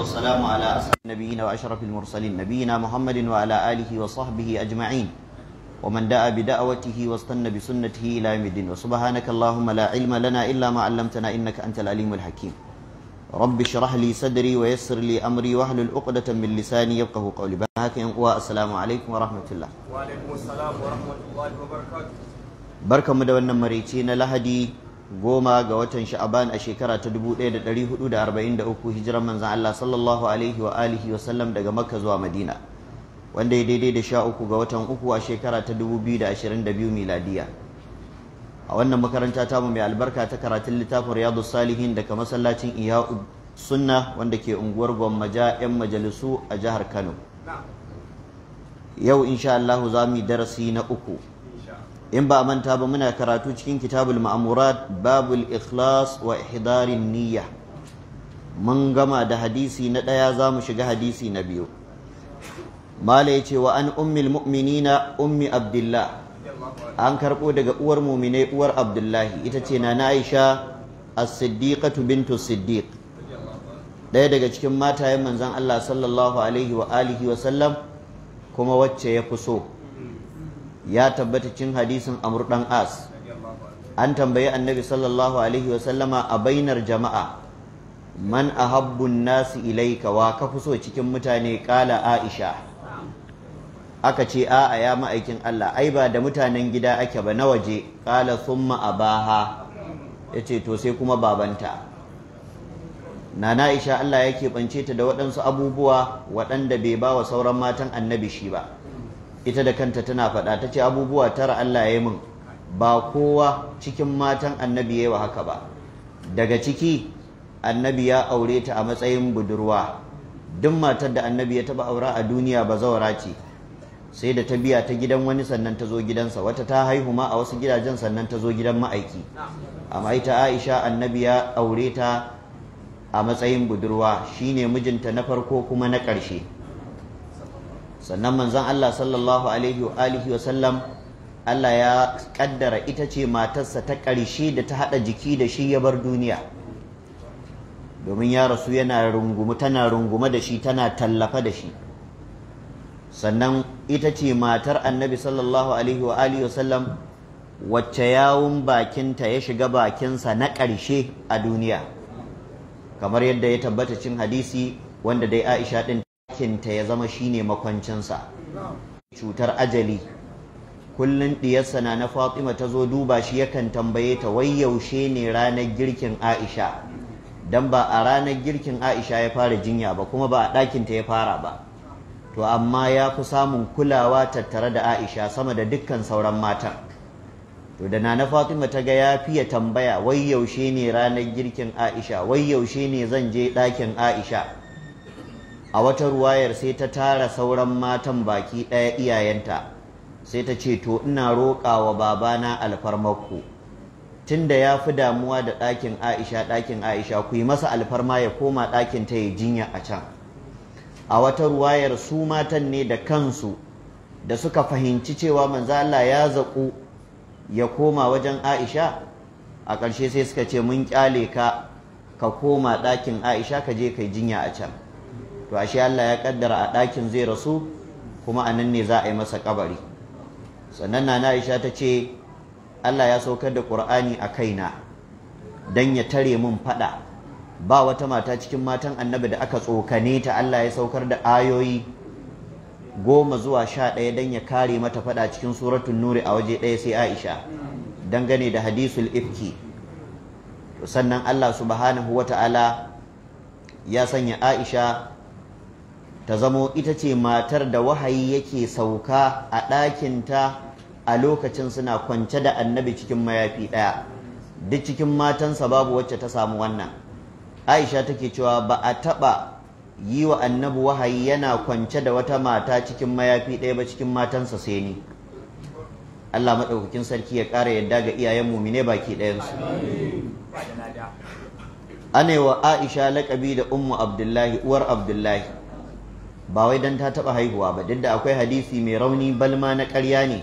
والسلام على أسعد نبينا وأشرف المرسلين نبينا محمد وعلى آله وصحبه أجمعين ومن دعا بدعوته واستنى بسنته إلى يوم الدين وسبحانك اللهم لا علم لنا إلا ما علمتنا إنك أنت العليم الحكيم رب اشرح لي صدري ويسر لي أمري واحلل عقدة من لساني يفقه قولي بهاك السلام عليكم ورحمة الله وعليكم السلام ورحمة الله وبركاته بركة مدونا مريتين لهدي goma ga watan sha'aban a shekara ta 1443 hijiran manzan Allah sallallahu alaihi wa alihi wa sallam daga makka zuwa madina wanda ya daidai da sha uku ga watan uku a shekara ta 2022 miladiya a wannan makaranta tamu mai albarka ta karatun littafin riyadu salihin daga masallacin iya sunna wanda ke unguwar gwammaja 'yan majalisu a jihar kano yau insha Allah za mu yi darasi na uku in ba manta ba muna karatu cikin kitabul ma'amurat babul ikhlas wa ihdarin niyya mun gama da hadisi na ɗaya za mu shiga hadisi na biyu mala ya ce wa an ummil mu'minina ummi abdullah an karɓo daga uwar muminai uwar abdullahi ita ce na aisha as-siddiqatu bintu siddiq ɗaya daga cikin matayen manzon Allah sallallahu alaihi wa alihi wa sallam kuma wacce ya fi so ya tabbata cin hadisin amur dan as an tambayi annabi sallallahu alaihi wasallama a bainar jama'a man ahabbun nasi ilaika wa ka so cikin mutane kala aisha aka ce a'a ya ma'aikin Allah ai ba da mutanen gida ake ba na waje kala thumma abaha yace to sai kuma babanta nana Aisha Allah ya keɓance ta da waɗansu abubuwa waɗanda bai ba wa sauran matan annabi shi ba ita da kanta tana faɗa ta ce abubuwa tara Allah ya yi min ba kowa cikin matan annabi ya yi wa haka ba daga ciki annabi ya aure ta a matsayin budurwa duk matar da annabi ya taɓa aura a duniya ba zawara ce sai da ta biya ta gidan wani sannan ta zo gidansa wata ta haihu ma a wasu gidajen sannan ta zo gidan ma'aiki amma ita aisha annabi ya aure ta a matsayin budurwa shine mijinta na farko kuma na ƙarshe sannan manzon Allah sallallahu alaihi wa alihi wa Allah ya kaddara ita ce matarsa ta ƙarshe da ta haɗa jiki da shi ya bar duniya domin ya rasu yana rungumu tana rungume da shi tana tallafa da shi sannan ita ce matar annabi sallallahu alaihi wa alihi wasallam wacce yawun bakinta ya shiga bakinsa na ƙarshe a duniya kamar yadda ya tabbata cin hadisi wanda dai Aisha ɗin ɗakinta ya zama shi ne makwancinsa cutar ajali Kullum ɗiyarsa na na Fatima ta zo duba shi yakan tambaye ta wai yaushe ne ranar girkin Aisha Don ba a ranar girkin Aisha ya fara jinya ba kuma ba a ɗakinta ya fara ba to amma ya fi samun kulawa tattare da Aisha sama da dukkan sauran matan to da na Fatima ta ga ya fiye tambaya wai yaushe ne ranar girkin Aisha wai yaushe ne zan je ɗakin Aisha a wata ruwayar sai ta tara sauran matan baki ɗaya iyayenta sai ta ce to ina roƙa wa babana alfarmarku tunda ya fi damuwa da ɗakin Aisha ɗakin Aisha ku yi masa alfarma ya koma ɗakin ta ya jinya a can a wata ruwayar su matan ne da kansu da suka fahimci cewa manzo Allah ya zaƙu ya koma wajen Aisha a ƙarshe sai suka ce mun ƙyale ka ka koma ɗakin Aisha ka je kai jinya a can to ashe Allah ya kaddara a ɗakin zai rasu kuma a nan ne za a yi masa kabari sannan na Aisha ta ce Allah ya saukar da Qur'ani a kaina dan ya tare mun fada ba wata mata cikin matan annabi da aka tsokane ta Allah ya saukar da ayoyi goma zuwa sha ɗaya dan ya kare mata fada cikin suratun nuri a waje ɗaya sai Aisha dangane da hadisul ifki sannan Allah subhanahu wata'ala ya sanya Aisha ta zamo ita ce matar da wahayi yake sauka a ɗakinta a lokacin suna kwance da annabi cikin mayafi ɗaya duk cikin matansa babu wacce ta samu wannan aisha take cewa ba a taɓa yi wa annabi wahayi yana kwance da wata mata cikin mayafi ɗaya ba cikin matansa sai ni Allah maɗaukakin sarki ya ƙara yadda ga iyayen mumine baki ɗayansu ana wa aisha laƙabi da ummu abdullahi uwar abdullahi ba wai dan ta taɓa haihuwa ba duk da akwai hadisi mai rauni balma na ƙarya ne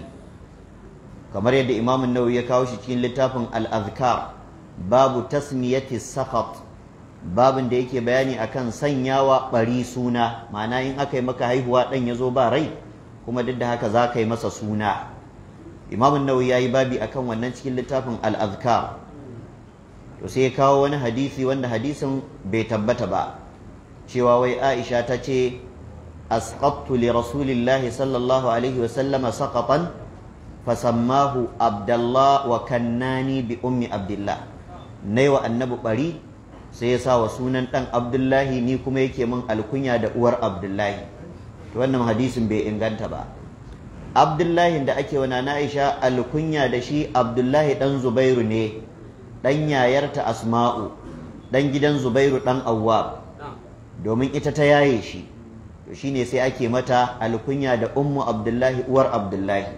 kamar yadda Imamin Nawawi ya kawo shi cikin littafin al babu tasmiyati sakat babin da yake bayani akan sanyawa bari suna ma'ana in aka yi maka haihuwa ɗan ya zo ba rai kuma duk da haka za ka yi masa suna Imamin Nawawi ya yi babi akan wannan cikin littafin al to sai ya kawo wani hadisi wanda hadisin bai tabbata ba cewa wai Aisha ta ce Asqabtu ne rasulillah sallallahu alaihi wa sallama saƙafan fa sammafu Abdallah wa kannani bi'ummi Abdullahi, naiwa Annabu bari sai yasa wa sunan ɗan Abdullahi ni kuma yake mun alkunya da uwar Abdullahi. Wannan hadisin bai inganta ba. Abdullahi da ake wana na Aisha alkunya da shi Abdullahi ɗan Zubairu ne ɗan yayarta Asma'u ɗan gidan Zubairu ɗan Awwa domin ita ta yaye shi. to shi ne sai ake mata alkunya da ummu abdullahi uwar abdullahi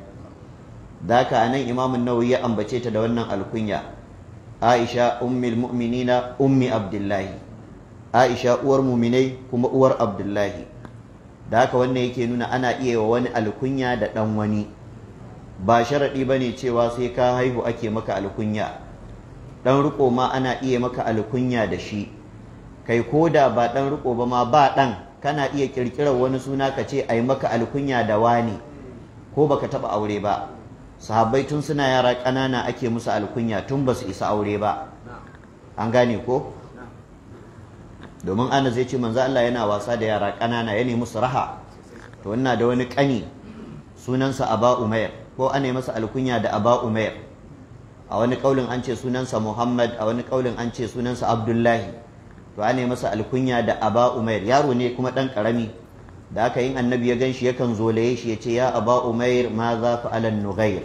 Da a nan imamun nawawi ya ambace ta da wannan alkunya aisha ummul mu'minina ummi abdullahi aisha uwar muminai kuma uwar abdullahi da haka wannan yake nuna ana iya wa wani alkunya da dan wani ba sharaɗi ba ne cewa sai ka haihu ake maka alkunya Ɗan riko ma ana iya maka alkunya da shi kai ko da ba ɗan riko ba ma ba ɗan. kana iya kirkirar wani suna ka ce ai maka alkunya da wani ko baka taba aure ba sahabbai tun suna yara ƙanana ake musu alkunya tun basu isa aure ba an gane ko domin ana zai ce manzo Allah yana wasa da yara ƙanana ya nemi su raha to ina da wani ƙani sunansa Aba umar ko ana yi masa alkunya da Aba umar a wani kaulin an ce sunansa Muhammad a wani kaulin an ce sunansa Abdullahi to ne masa alkunya da aba umair yaro ne kuma dan karami da aka yin annabi ya ganshi yakan zolaye shi ya ce ya aba umair ma za fa alan nughair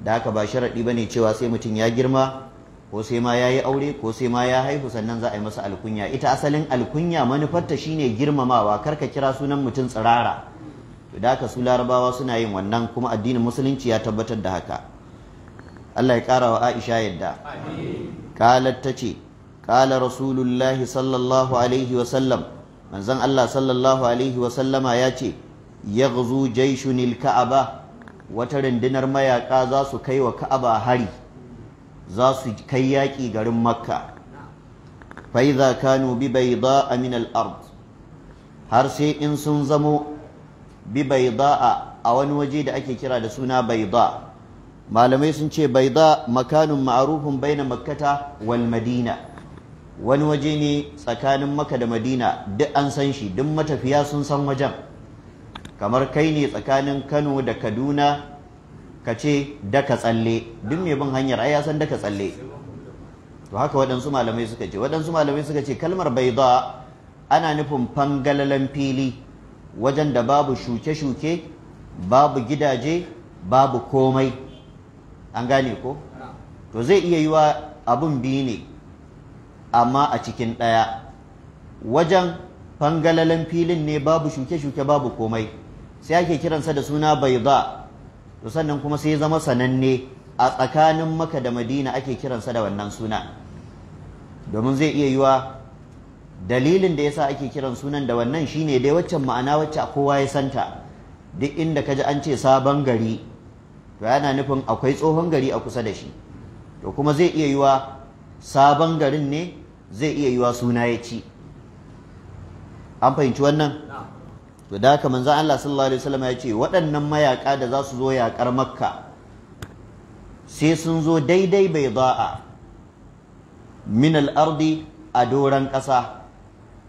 da aka ba sharadi bane cewa sai mutum ya girma ko sai ma yayi aure ko sai ma ya haihu sannan za a yi masa alkunya ita asalin alkunya manufarta shine girmamawa kar ka kira sunan mutum tsirara to da aka su larabawa suna yin wannan kuma addinin musulunci ya tabbatar da haka Allah ya ƙara wa Aisha yadda. Amin. ta ce, قال رسول الله صلى الله عليه وسلم من زن الله صلى الله عليه وسلم ياتي يغزو جيش الكعبة وترن دينر ميا قازا سكي وكعبة هري زاس كياكي غرم مكة فإذا كانوا ببيضاء من الأرض har sai in sun zamo bi baida'a a wani waje da ake kira da suna baida malamai sun ce baida makanun ma'arufin baina makkata wal madina wani waje ne tsakanin maka da madina duk an san shi duk matafiya sun san wajen kamar kai ne tsakanin kano da kaduna ka ce daka tsalle duk mai bin hanyar ai ya san daka tsalle to haka waɗansu malamai suka ce waɗansu malamai suka ce kalmar baida ana nufin fangalalan fili wajen da babu shuke-shuke babu gidaje babu komai an gane ko to zai iya yiwa abun biyu ne amma a cikin ɗaya wajen fangalalen filin ne babu shuke-shuke babu komai sai ake kiransa da suna baiza to sannan kuma sai zama sananne a tsakanin maka da madina ake kiransa da wannan suna domin zai iya yiwa dalilin da yasa ake kiran sunan da wannan shine dai waccan ma'ana wacce kowa ya santa duk inda ji an ce sabon gari to yana nufin akwai tsohon gari a kusa da shi to kuma zai iya yiwa sabon garin ne zai iya yiwa suna ya ci an fahimci wannan to da haka manzo Allah sallallahu alaihi wasallam ya ce waɗannan mayaka da za su zo yakar makka sai sun zo daidai bai a min al-ardi a doron ƙasa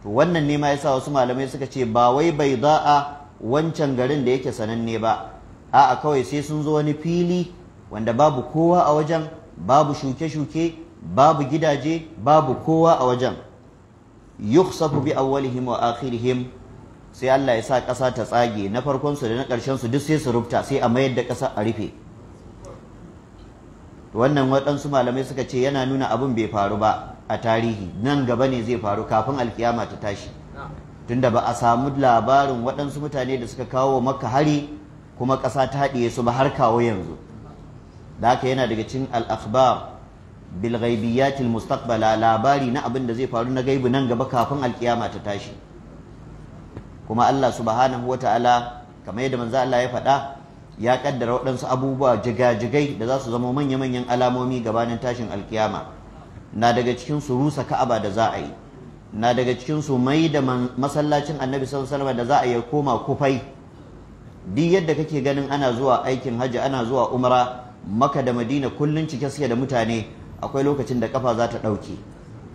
to wannan ne ma yasa wasu malamai suka ce ba wai bai a wancan garin da yake sananne ba a'a kawai sai sun zo wani fili wanda babu kowa a wajen babu shuke-shuke babu gidaje babu kowa a wajen Safu bi awwalihim wa akhirihim sai Allah ya sa ƙasa ta tsage na farkon su da na ƙarshen su duk sai su rubta sai a mayar da ƙasa a rufe wannan waɗansu malamai suka ce yana nuna abun bai faru ba a tarihi nan gaba ne zai faru kafin alkiyama ta tashi tunda ba a samu labarin waɗansu mutane da suka kawo maka hari kuma ƙasa ta haɗiye su ba har kawo yanzu da haka yana daga cikin al-akhbar bilgaibiyatil mustaqbala labari na abin da zai faru na gaibu nan gaba kafin alkiyama ta tashi kuma Allah subhanahu wata'ala kamar yadda manzo Allah ya faɗa ya kaddara waɗansu abubuwa jigajigai da za su zama manya-manyan alamomi gabanin tashin alkiyama na daga cikin su rusa ka'aba da za a yi na daga cikin su mai da masallacin annabi sallallahu da za a yi koma kufai duk yadda kake ganin ana zuwa aikin hajji ana zuwa umra maka da madina kullun cike suke da mutane akwai lokacin da kafa za ta ɗauke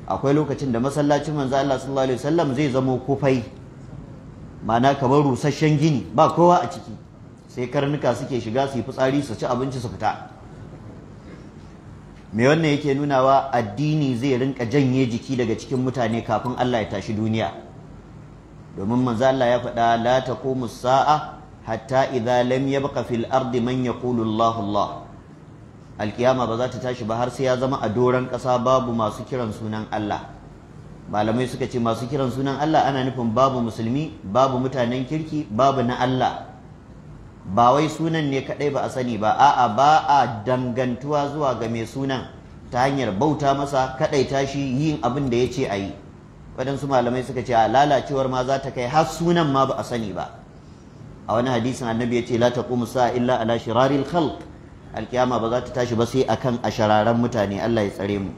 akwai lokacin da masallacin manzo Allah sallallahu alaihi wasallam zai zamo kufai Mana kamar rusasshen gini ba kowa a ciki sai karnuka suke shiga su yi fitsari su ci abinci su fita me wannan yake nunawa addini zai rinka janye jiki daga cikin mutane kafin Allah ya tashi duniya domin manzo Allah ya faɗa la taqumu sa'a hatta idza lam yabqa fil ardi man yaqulu Allahu Allah alkiyama ba za ta tashi ba har sai ya zama a doron ƙasa babu masu kiran sunan Allah malamai suka ce masu kiran sunan Allah ana nufin babu musulmi babu mutanen kirki babu na Allah ba wai sunan ne kadai ba a sani ba a'a ba a dangantuwa zuwa ga mai sunan ta hanyar bauta masa kadai tashi yin abin da ya ce a yi waɗansu malamai suka ce a lalacewar ma za ta kai har sunan ma ba a sani ba a wani hadisin annabi ya ce la taqumu sa'a illa ala shiraril khalq alkiyama ba za ta tashi ba sai akan ashararan mutane Allah ya tsare mu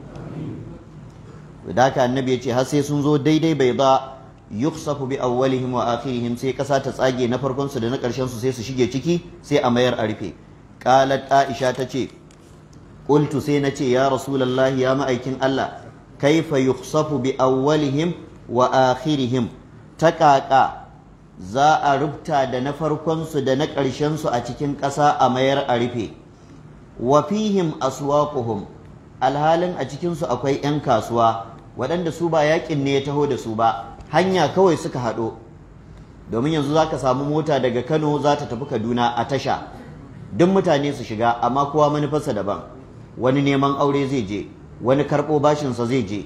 da annabi ya ce har sai sun zo daidai bai ba yuksafu bi awwalihim wa akhirihim sai kasa ta tsage na farkon su da na karshen su sai su shige ciki sai a mayar a rufe qalat aisha tace qultu sai na ce ya rasulullahi ya ma'aikin Allah kaifa yuksafu bi awwalihim wa akhirihim taƙaƙa za a rubta da na su da na su a cikin ƙasa a mayar a rufe wa fihim aswaquhum alhalin a cikin su akwai yan kasuwa waɗanda su ba yakin ne ya taho da su ba hanya kawai suka haɗo domin yanzu zaka samu mota daga Kano za ta tafi Kaduna a tasha duk mutane su shiga amma kowa manufarsa daban wani neman aure zai je wani karɓo sa zai je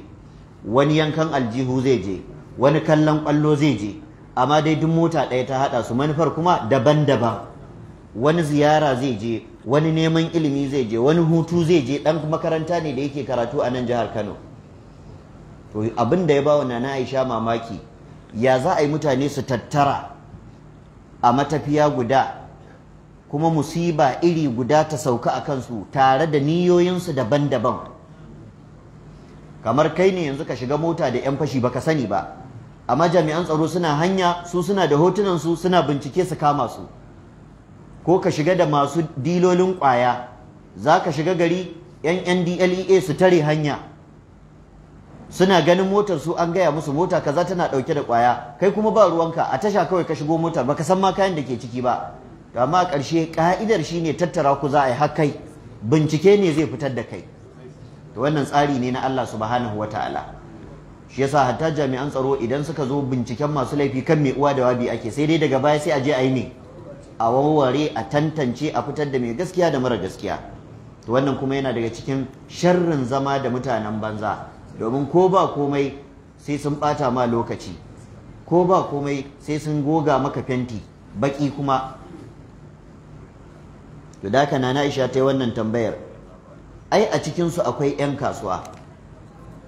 wani yankan aljihu zai je wani kallon ƙwallo zai je amma dai duk mota ɗaya ta haɗa su manufar kuma daban-daban wani ziyara zai je wani neman ilimi zai je wani hutu zai je dan makaranta ne da yake karatu a nan jihar Kano to abin da ya bawa Nana Aisha mamaki ya za a yi mutane su tattara a matafiya guda kuma musiba iri guda ta sauka a kansu tare da niyoyinsu daban-daban kamar kai ne yanzu ka shiga mota da 'yan fashi baka sani ba amma jami'an tsaro suna hanya su suna da hotunan su suna bincike su kama su ko ka shiga da masu dilolin kwaya za ka shiga gari yan ndlea su tare hanya suna ganin motar su an gaya musu mota kaza tana ɗauke da kwaya kai kuma ba ruwanka a tasha kawai ka shigo motar baka san ma kayan da ke ciki ba to amma a ƙarshe ka'idar shine tattara ku za a yi har bincike ne zai fitar da kai to wannan tsari ne na Allah subhanahu wataala shi yasa hatta jami'an tsaro idan suka zo binciken masu laifi kan mai uwa da wabi ake sai dai daga baya sai a je a yi ne a warware a tantance a fitar da mai gaskiya da mara gaskiya to wannan kuma yana daga cikin sharrin zama da mutanen banza domin ko ba komai sai sun bata ma lokaci ko ba komai sai sun goga maka fenti baki kuma to da kana na Aisha ta wannan tambayar ai a cikin su akwai yan kasuwa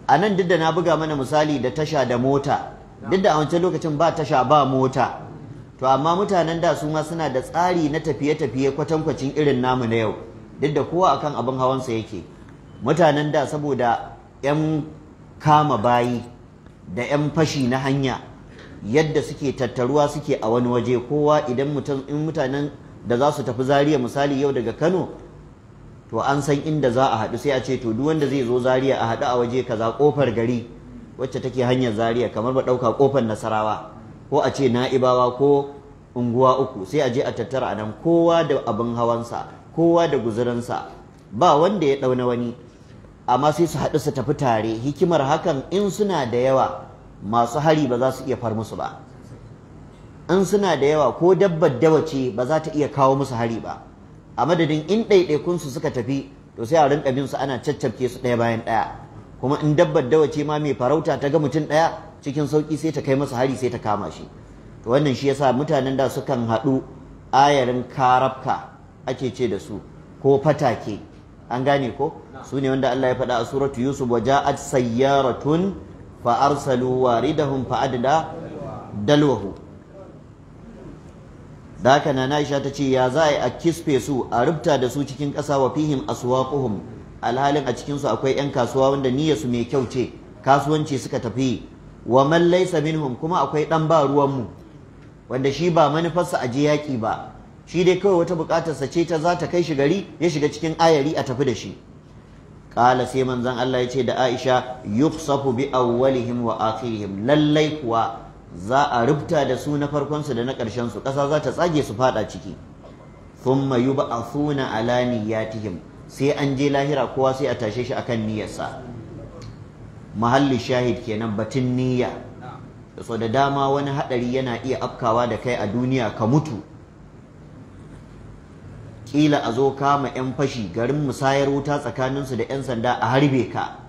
anan nan duk da na buga mana misali da tasha da mota duk da a wancan lokacin ba tasha ba mota to amma mutanen da su ma suna da tsari na tafiye-tafiye kwatankwacin irin namu na yau duk da kowa akan abin hawan hawansa yake mutanen da saboda 'yan kama bayi da 'yan fashi na hanya yadda suke tattaruwa suke a wani waje kowa idan in mutanen da za su tafi zariya misali yau daga kano to an san inda za a haɗu sai a ce to duk wanda zai zo zariya a haɗu a waje kaza kofar gari wacce take hanyar zariya kamar ba ɗauka kofar nasarawa ko a ce na'ibawa ko unguwa uku sai a je a tattara a nan kowa da abin hawansa kowa da guzurinsa ba wanda ya dauna wani amma sai su haɗu su tafi tare hikimar hakan in suna da yawa masu hari ba za su iya far musu ba in suna da yawa ko dabbar dawa ce ba za ta iya kawo musu hari ba a madadin in ɗaiɗaikunsu suka tafi to sai a rinka bin su ana caccabke su ɗaya bayan ɗaya kuma in dabbar dawa ce ma mai farauta ta ga mutum ɗaya cikin sauki sai ta kai masa hari sai ta kama shi to wannan shi yasa mutanen da sukan haɗu ayarin karabka ake ce da su ko fatake an gane ko su ne wanda Allah ya faɗa a suratu Yusuf wa ja'at sayyaratun fa arsalu waridahum fa adda dalwahu da haka na Aisha ta ce ya za a kisfe su a rubta da su cikin ƙasa wa fihim aswaquhum alhalin a cikin su akwai 'yan kasuwa wanda niyyar su mai kyau ce kasuwanci suka tafi wa man laysa minhum kuma akwai dan ba ruwan mu wanda shi ba manufarsa a je yaki ba shi dai kawai wata bukatarsa ce ta za ta kai shi gari ya shiga cikin ayari a tafi da shi kala sai manzon Allah ya ce da Aisha yufsafu bi awwalihim wa akhirihim lallai kuwa za a rubuta da su na farkon su da na su, ƙasa za ta tsage su fada ciki thumma yub'athuna ala niyyatihim sai an je lahira kowa sai a tashe shi akan niyyarsa mahalli shahid kenan batun niyya so da dama wani hadari yana iya afkawa da kai a duniya ka mutu kila a zo kama 'yan fashi garin musayar wuta tsakaninsu da 'yan sanda a harbe ka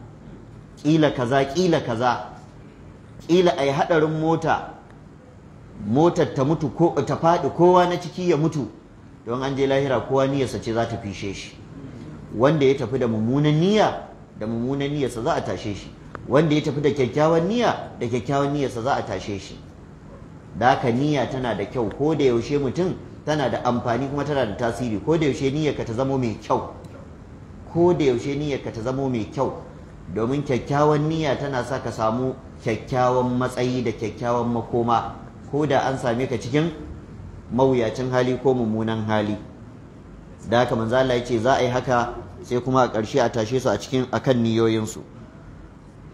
kila kaza kila kaza kila a yi hadarin mota motar ta mutu ko ta faɗi kowa na ciki ya mutu don an je lahira kowa niyyarsa ce za ta fishe shi wanda ya tafi da mummunan niyya da mummunan niyyarsa za a tashe shi wanda ya tafi da kyakkyawan niyya da kyakkyawan niyyarsa za a tashe shi da haka niyya tana da kyau ko da yaushe mutum tana da amfani kuma tana da tasiri ko da yaushe niyyarka ta zama mai kyau ko da yaushe niyyarka ta zamo mai kyau domin kyakkyawan niyya tana sa ka samu kyakkyawan matsayi da kyakkyawan makoma ko da an same ka cikin mawuyacin hali ko mummunan hali da haka manzo Allah ya ce za a yi haka sai kuma a ƙarshe a tashe su a cikin akan niyoyinsu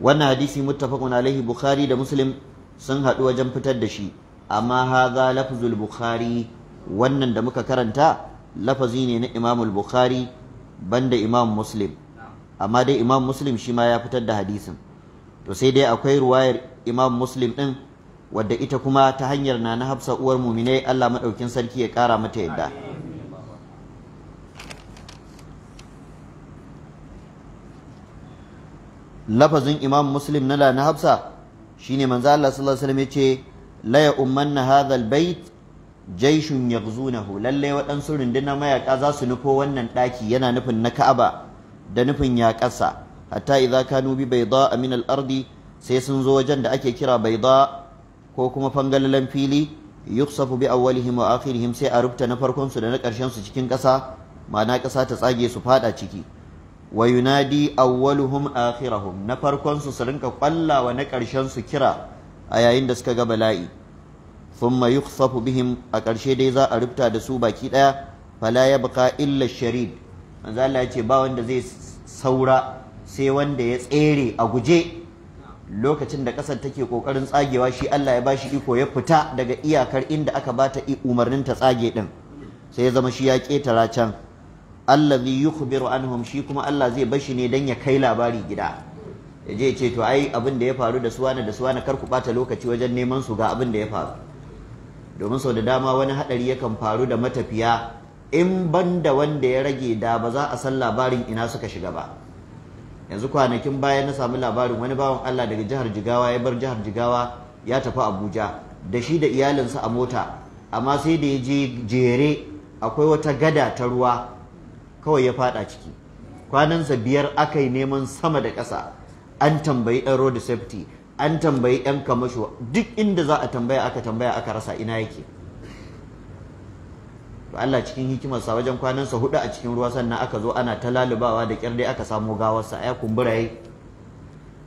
wannan hadisi muttafaqun alaihi bukhari da muslim sun haɗu wajen fitar da shi amma haza lafzul bukhari wannan da muka karanta lafazi ne na ImamulBukhari bukhari banda imam muslim amma dai imam muslim shi ma ya fitar da hadisin to sai dai akwai ruwayar imam muslim din wadda ita kuma ta hanyar na na hafsa uwar muminai Allah maɗaukin sarki ya kara mata yadda lafazin imam muslim na la hafsa shine manzo Allah sallallahu alaihi wasallam yace la ya ummanna hadha albayt jaishun yaghzunahu lalle waɗansu runduna mayaka za su nufo wannan ɗaki yana nufin na Ka'aba da nufin yaƙarsa hatta idza kanu bi bayda min al-ardi sai sun zo wajen da ake kira bayda ko kuma fangalalan fili yuksafu bi awwalihim wa akhirihim sai a rubuta na farkon su da na ƙarshen su cikin ƙasa ma'ana ƙasa ta tsage su fada ciki wa yunadi awwaluhum akhirahum na farkon su su rinka kwallawa na ƙarshen su kira a yayin da suka ga bala'i thumma yukhsafu bihim a ƙarshe dai za a rubuta da su baki ɗaya fala yabqa illa sharid manzo Allah ya ce ba wanda zai saura sai wanda ya tsere a guje lokacin da ƙasar take ƙoƙarin tsagewa shi Allah ya bashi iko ya fita daga iyakar inda aka bata umarnin ta tsage din sai ya zama shi ya ƙetara can Allah allazi yukhbiru anhum shi kuma Allah zai bashi ne dan ya kai labari gida ya je ce to ai abin da ya faru da suwana da suwana kar ku bata lokaci wajen neman su ga abin da ya faru domin sau da dama wani hadari yakan faru da matafiya in banda wanda ya rage da ba za a san labarin ina suka shiga ba yanzu kwanakin baya na samu labarin wani bawan Allah daga jihar Jigawa ya bar jihar Jigawa ya tafi Abuja da shi da iyalinsa a mota amma sai da ya je jere akwai wata gada ta ruwa kawai ya fada ciki kwanansa biyar aka yi neman sama da ƙasa an tambayi ɗan road safety an tambayi ɗan kamasho duk inda za a tambaya aka tambaya aka rasa ina yake to Allah cikin hikimarsa wajen kwanansa hudu a cikin ruwa sannan aka zo ana ta lalubawa da kyar dai aka samo gawarsa ya kumbura yi?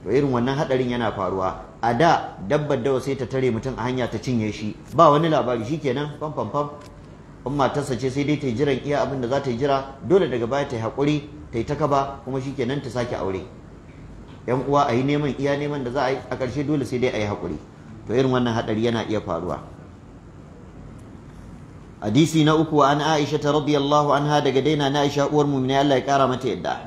to irin wannan hadarin yana faruwa a da dabbar dawa sai ta tare mutum a hanya ta cinye shi ba wani labari shikenan fam fam fam in matarsa ce sai dai ta yi jiran iya abin da za ta jira dole daga baya ta yi haƙuri ta yi ta kaba kuma kenan ta sake aure yan uwa a yi neman iya neman da za a yi a ƙarshe dole sai dai a yi haƙuri to irin wannan haɗari yana iya faruwa hadisi na uku an aisha ta radiyallahu anha daga daina na aisha uwar mumina Allah ya kara mata yadda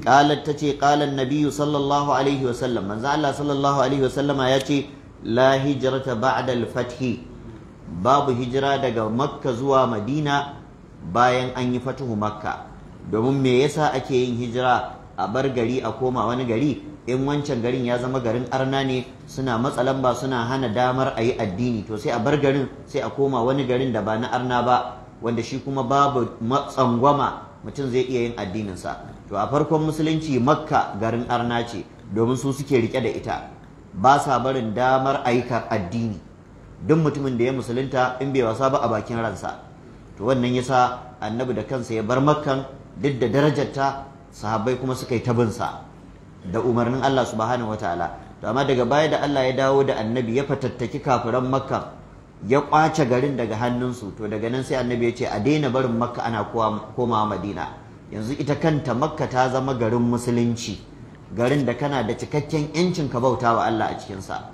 qalat tace qala an-nabiyyu sallallahu alaihi wa sallam manzo Allah sallallahu alaihi wa sallama yace la hijrata ba'da al-fath babu hijira daga makka zuwa madina bayan an yi fatuhu makka domin me yasa ake yin hijira a bar gari a koma wani gari in wancan garin ya zama garin arna ne suna matsalan ba suna hana damar a yi addini to sai a bar garin sai a koma wani garin da ba na arna ba wanda shi kuma babu matsangwama mutum zai iya yin addininsa to a farkon musulunci makka garin arna ce domin su suke rike da ita ba sa barin damar aikar addini duk mutumin da ya musulunta in bai wasa ba a bakin ransa to wannan yasa annabi da kansa ya bar makkan duk da darajarta sahabbai kuma suka yi tabinsa da umarnin Allah subhanahu wataala to amma daga baya da Allah ya dawo da annabi ya fatattaki kafiran Makkan, ya kwace garin daga hannunsu to daga nan sai annabi ya ce a daina barin makka ana komawa madina yanzu ita kanta makka ta zama garin musulunci garin da kana da cikakken yancin ka bauta wa Allah a cikinsa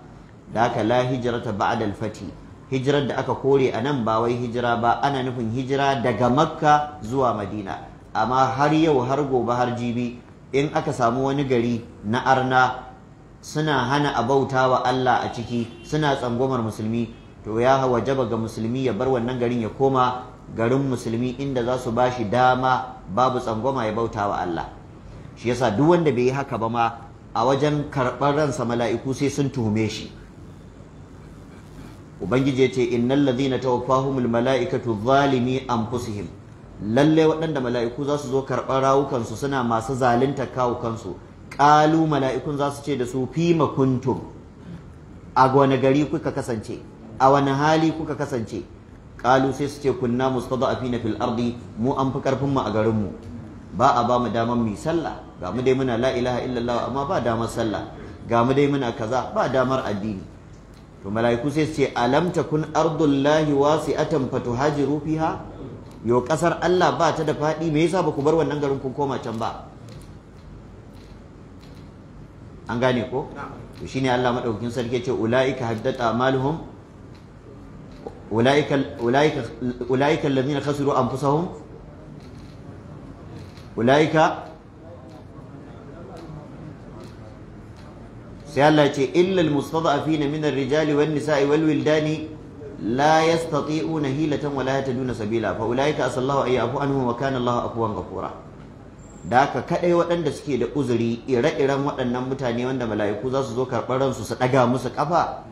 da aka la hijrata ba'da al-fati hijirar da aka kore a nan ba wai hijira ba ana nufin hijira daga makka zuwa madina amma har yau har gobe har jibi in aka samu wani gari na arna suna hana a bauta wa Allah a ciki suna tsangwamar musulmi to ya wajaba ga musulmi ya bar wannan garin ya koma garin musulmi inda za su bashi dama babu tsangwama ya bauta wa Allah shi yasa duk wanda bai yi haka ba ma a wajen karɓar ransa mala'iku sai sun tuhume shi ubangiji ya yace innal ta tawaffahumul malaikatu zalimi anfusihim lalle waɗanda mala'iku za su zo karɓar rawukansu suna masu zalunta kawo kansu ƙalu mala'ikun za su ce da su fi makuntum a wani gari kuka kasance a wani hali kuka kasance ƙalu sai su ce kunna mustada'afina fil ardi mu an fi ƙarfin mu a garin mu ba a ba mu damar mu sallah ga mu dai muna la ilaha illallah amma ba damar sallah ga mu dai muna kaza ba damar addini to mala'iku sai su ce alam takun ardullahi wasi'atan fatuhajiru fiha yo kasar Allah ba ta da fadi me yasa ba ku bar wannan garin kun koma can ba an gane ko to shine Allah madaukakin sarki ya ce ulaika haddata ulaika ulaika ulaika alladhina khasiru anfusahum ulaika sai Allah ce illal mustada'afina na minar rijali wan nisa'i wal wildani la yastati'una hilatan wa la nuna sabila fa ulaika asallahu ay afu anhum wa kana Allahu afwan ghafura da haka kadai waɗanda suke da uzuri ire-iren waɗannan mutane wanda mala'iku za su zo karɓar su ɗaga musu kafa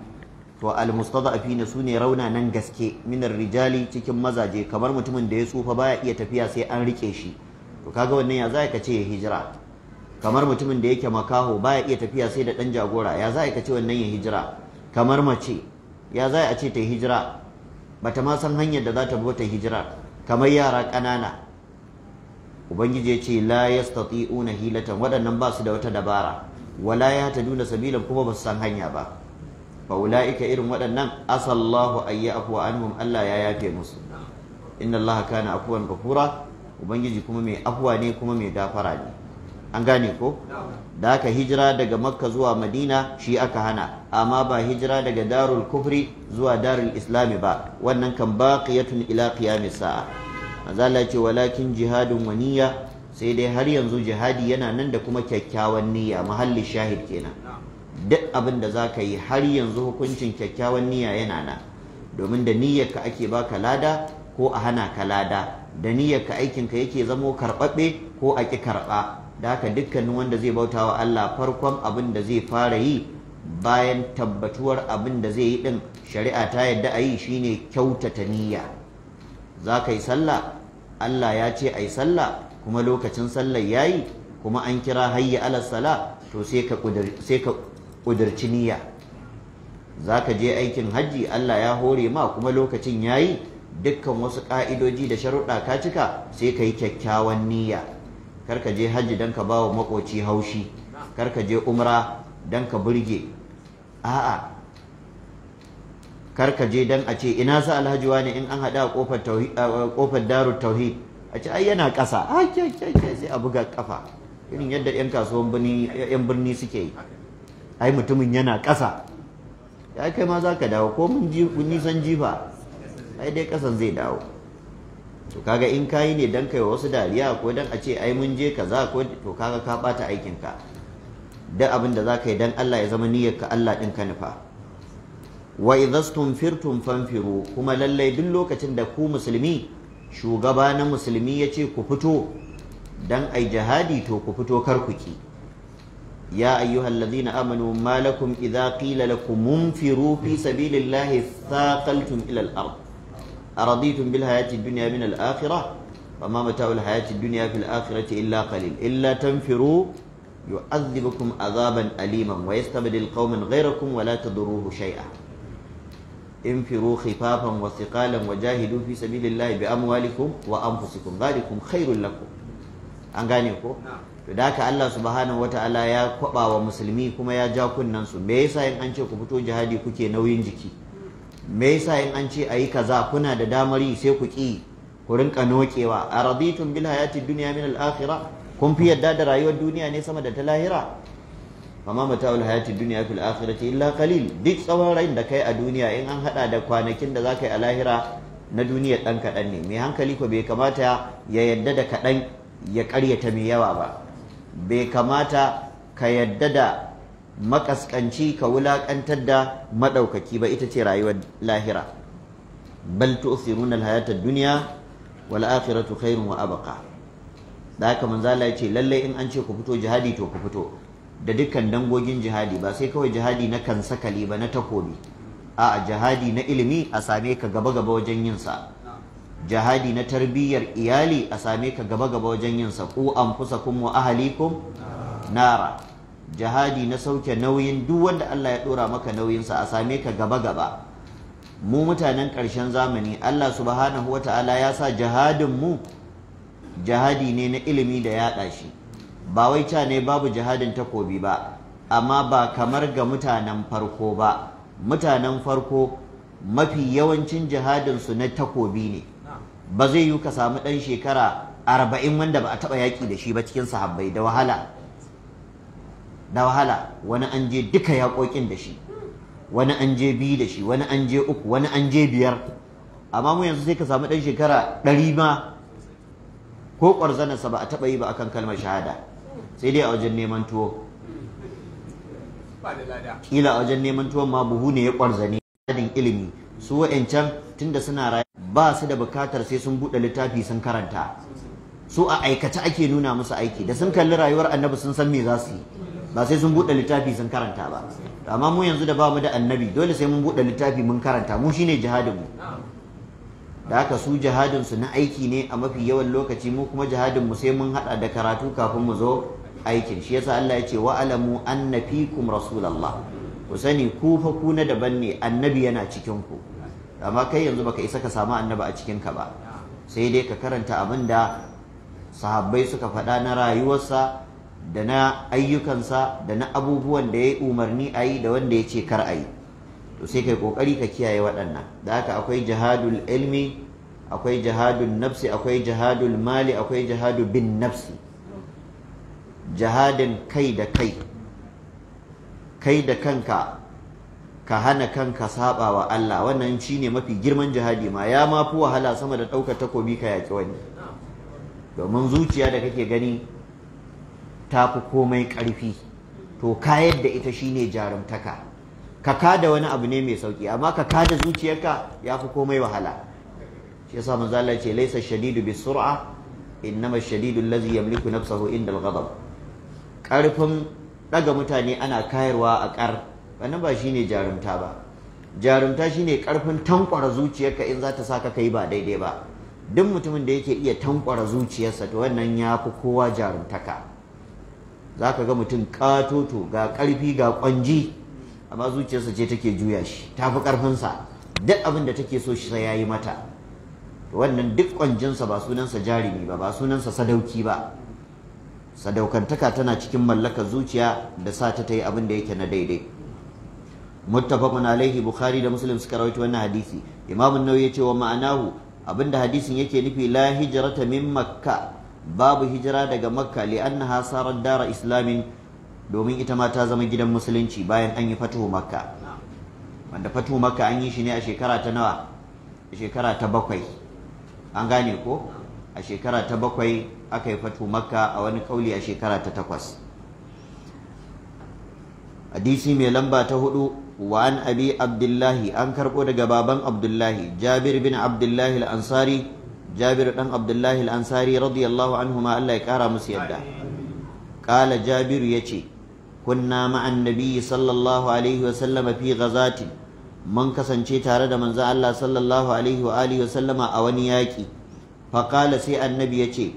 to al su sune rauna nan gaske minar rijali cikin mazaje kamar mutumin da ya tsufa baya iya tafiya sai an rike shi to kaga wannan ya za ka ce hijira kamar mutumin da yake makaho baya iya tafiya sai da ɗan jagora ya za a ka ce wannan ya hijira kamar mace ya za a ce ta hijira bata ma san hanyar da za ta bi ta hijira kamar yara ƙanana ubangiji ya ce la una hilatan waɗannan ba su da wata dabara wala ya duna sabilan kuma ba su san hanya ba fa ulaika irin waɗannan asallahu ayya afuwa anhum Allah ya yafe musu inna Allah kana afuwan gafura ubangiji kuma mai afuwa ne kuma mai dafara ne an gane ko da aka hijira daga makka zuwa madina shi aka hana amma ba hijira daga darul kufri zuwa darul islami ba wannan kan ba-ƙeya baqiyatun ila qiyamis sa'a azala ce walakin jihadun waniya sai dai har yanzu jihadi yana nan da kuma kyakkyawan niyya mahalli shahid kenan duk abin da zaka yi har yanzu hukuncin kyakkyawan niyya yana nan domin da niyyarka ake baka lada ko a hana ka lada da niyyarka aikinka yake zamo karɓaɓɓe ko a ƙi karɓa da haka dukkanin wanda zai bauta wa Allah farkon abin da zai fara yi bayan tabbatuwar abin da zai yi din shari'a ta yadda a yi shine kyautata niyya za ka yi sallah Allah ya ce a sallah kuma lokacin sallar ya yi kuma an kira hayya ala sala to sai ka ƙudurci niyya za ka je aikin hajji Allah ya hore ma kuma lokacin ya yi dukkan wasu ƙa'idoji da sharuɗa ka cika sai ka yi kyakkyawan niyya kar ka je hajji dan ka bawa makoci haushi kar ka je umra dan ka burge a'a kar ka je dan a ce ina sa alhaji wani in an hada kofar tauhid kofar tauhid a ce ai yana kasa sai a buga kafa irin yadda yan kasuwan birni yan birni suke yi ai mutumin yana kasa ya kai ma za ka dawo ko mun nisan jifa ai dai kasan zai dawo to kaga in kayi ne dan kai wasu dariya ko dan a ce ai mun je kaza ko to kaga ka bata aikin ka duk abin da zaka yi dan Allah ya zama niyyar ka Allah ɗin ka nufa wa idhastum firtum fanfiru kuma lallai duk lokacin da ku musulmi shugaba na musulmi ya ce ku fito dan ai jihadi to ku fito kar ku ki ya ayyuhallazina amanu malakum idza qila lakum munfiru fi sabilillahi thaqaltum ila al-ard أرضيتم بالحياة الدنيا من الآخرة فما متاع الحياة الدنيا في الآخرة إلا قليل إلا تنفروا يعذبكم عذابا أليما ويستبدل قوما غيركم ولا تضروه شيئا انفروا خفافا وثقالا وجاهدوا في سبيل الله بأموالكم وأنفسكم ذلكم خير لكم أنغانيكم to da haka Allah subhanahu wataala ya kwaba wa musulmi kuma ya ja kunnan su me yasa in an ce ku fito jihadi kuke nauyin jiki me yasa in an ce ayi kaza kuna da damar yi sai ku ki ku rinka nokewa araditun bil hayati dunya min al akhirah kun fi yadda da rayuwar duniya ne sama da ta lahira amma mata'ul hayati dunya fil akhirati illa qalil duk tsawon rayin da kai a duniya in an hada da kwanakin da zaka yi a lahira na duniya dan kadan ne mai hankali ko bai kamata ya yadda da kadan ya karyata mai yawa ba bai kamata ka yadda da makaskanci ka wulaƙantar da madaukaki ba ita ce rayuwar lahira bal tu'thiruna al-hayata ad-dunya wal akhiratu khairun wa abqa da haka manzo ya ce lalle in an ce ku fito jihadi to ku fito da dukkan dangogin jihadi ba sai kawai jihadi na kan sakali ba na takobi a jihadi na ilimi a same ka gaba gaba wajen yin sa jihadi na tarbiyyar iyali a same ka gaba gaba wajen yin sa ku anfusakum wa ahlikum nara jihadi na sauke nauyin duk wanda Allah ya dora maka nauyinsa a same ka gaba gaba mu mutanen ƙarshen zamani Allah subhanahu wata'ala ya sa jihadin mu jihadi ne na ilimi da yaɗa shi ba wai ca ne babu jihadin takobi ba amma ba kamar ga mutanen farko ba mutanen farko mafi yawancin jihadinsu na takobi ne ba zai yi ka samu ɗan shekara arba'in wanda ba a taɓa yaƙi da shi ba cikin sahabbai da wahala da wahala wani an je duka yaƙoƙin da shi wani an je biyu da shi wani an je uku wani an je biyar amma mu yanzu sai ka samu ɗan shekara ɗari ma ko ƙwarzanarsa ba a taɓa yi ba akan kalmar shahada sai dai a wajen neman tuwo ƙila a wajen neman tuwon ma buhu ne ya ƙwarzane adadin ilimi su wa'ancan tunda suna rayu ba su da bukatar sai sun buɗe littafi sun karanta su a aikace ake nuna musu aiki da sun kalli rayuwar annabi sun san me za su yi ba sai sun buɗe littafi sun karanta ba amma mu yanzu da ba mu da annabi dole sai mun buɗe littafi mun karanta mu shine jihadin mu da haka su jihadin su na aiki ne a mafi yawan lokaci mu kuma jihadin mu sai mun hada da karatu kafin mu zo aikin shi yasa Allah ya ce wa alamu anna fikum rasulullah ku sani ku fa ku na daban ne annabi yana cikin ku amma kai yanzu baka isa ka samu annabi a cikin ka ba sai dai ka karanta abin da sahabbai suka faɗa na rayuwarsa da na ayyukansa da na abubuwan da ya umarni a yi da wanda ya ce kar a yi to sai kai kokari ka kiyaye waɗannan da haka akwai jihadul ilmi akwai jihadul nafsi akwai jihadul mali akwai jihadu bin nafsi jihadin kai da kai kai da kanka ka hana kanka saba wa Allah wannan shi ne mafi girman jihadi ma ya ma wahala sama da ɗaukar takobi ka yaƙi wani domin zuciya da kake gani ta fi komai karfi. to kayar da ita shine jarumtaka ka kada wani abu ne mai sauki amma ka kada zuciyarka ya fi komai wahala shi yasa manzo Allah ya ce laysa shadidu bisur'a innama shadidu allazi yamliku nafsahu inda al-ghadab karfin daga mutane ana kayarwa a kar wannan ba shine jarumta ba jarumta shine karfin tankwara zuciyarka in za ta saka kai ba daidai ba duk mutumin da yake iya tankwara zuciyarsa to wannan ya fi kowa jarumtaka za ka ga mutum katoto ga karfi ga ƙwanji amma zuciyarsa ce take juya shi ta fi ƙarfinsa duk abin da take so shi sai yi mata wannan duk ƙwanjinsa ba sunansa jarumi ba ba sunansa sadauki ba sadaukantaka tana cikin mallakar zuciya da sa ta yi abin da yake na daidai muttafaqun alaihi bukhari da muslim suka rawaito wannan hadisi imamu nawawi ya ce wa ma'anahu abinda hadisin yake nufi la hijrata min makka babu hijira daga makka li'annaha hasarar dara islamin domin ita ma ta zama gidan musulunci bayan an yi fatuhu makka wanda fatuhu makka an yi shi ne a shekara ta nawa a shekara ta bakwai an gane ko a shekara ta bakwai aka yi fatuhu makka a wani kauli a shekara ta takwas hadisi mai lamba ta hudu wa an abi abdullahi an karbo daga baban abdullahi jabir bin abdullahi al-ansari Jabiru dan Abdullahi al-Ansari radiyallahu anhu ma Allah ya kara musu yadda Kala Jabiru yace kunna ma'an nabiyyi sallallahu alaihi wa sallama fi ghazatin mun kasance tare da manza Allah sallallahu alaihi wa alihi sallama a wani yaƙi. Faƙala sai annabi yace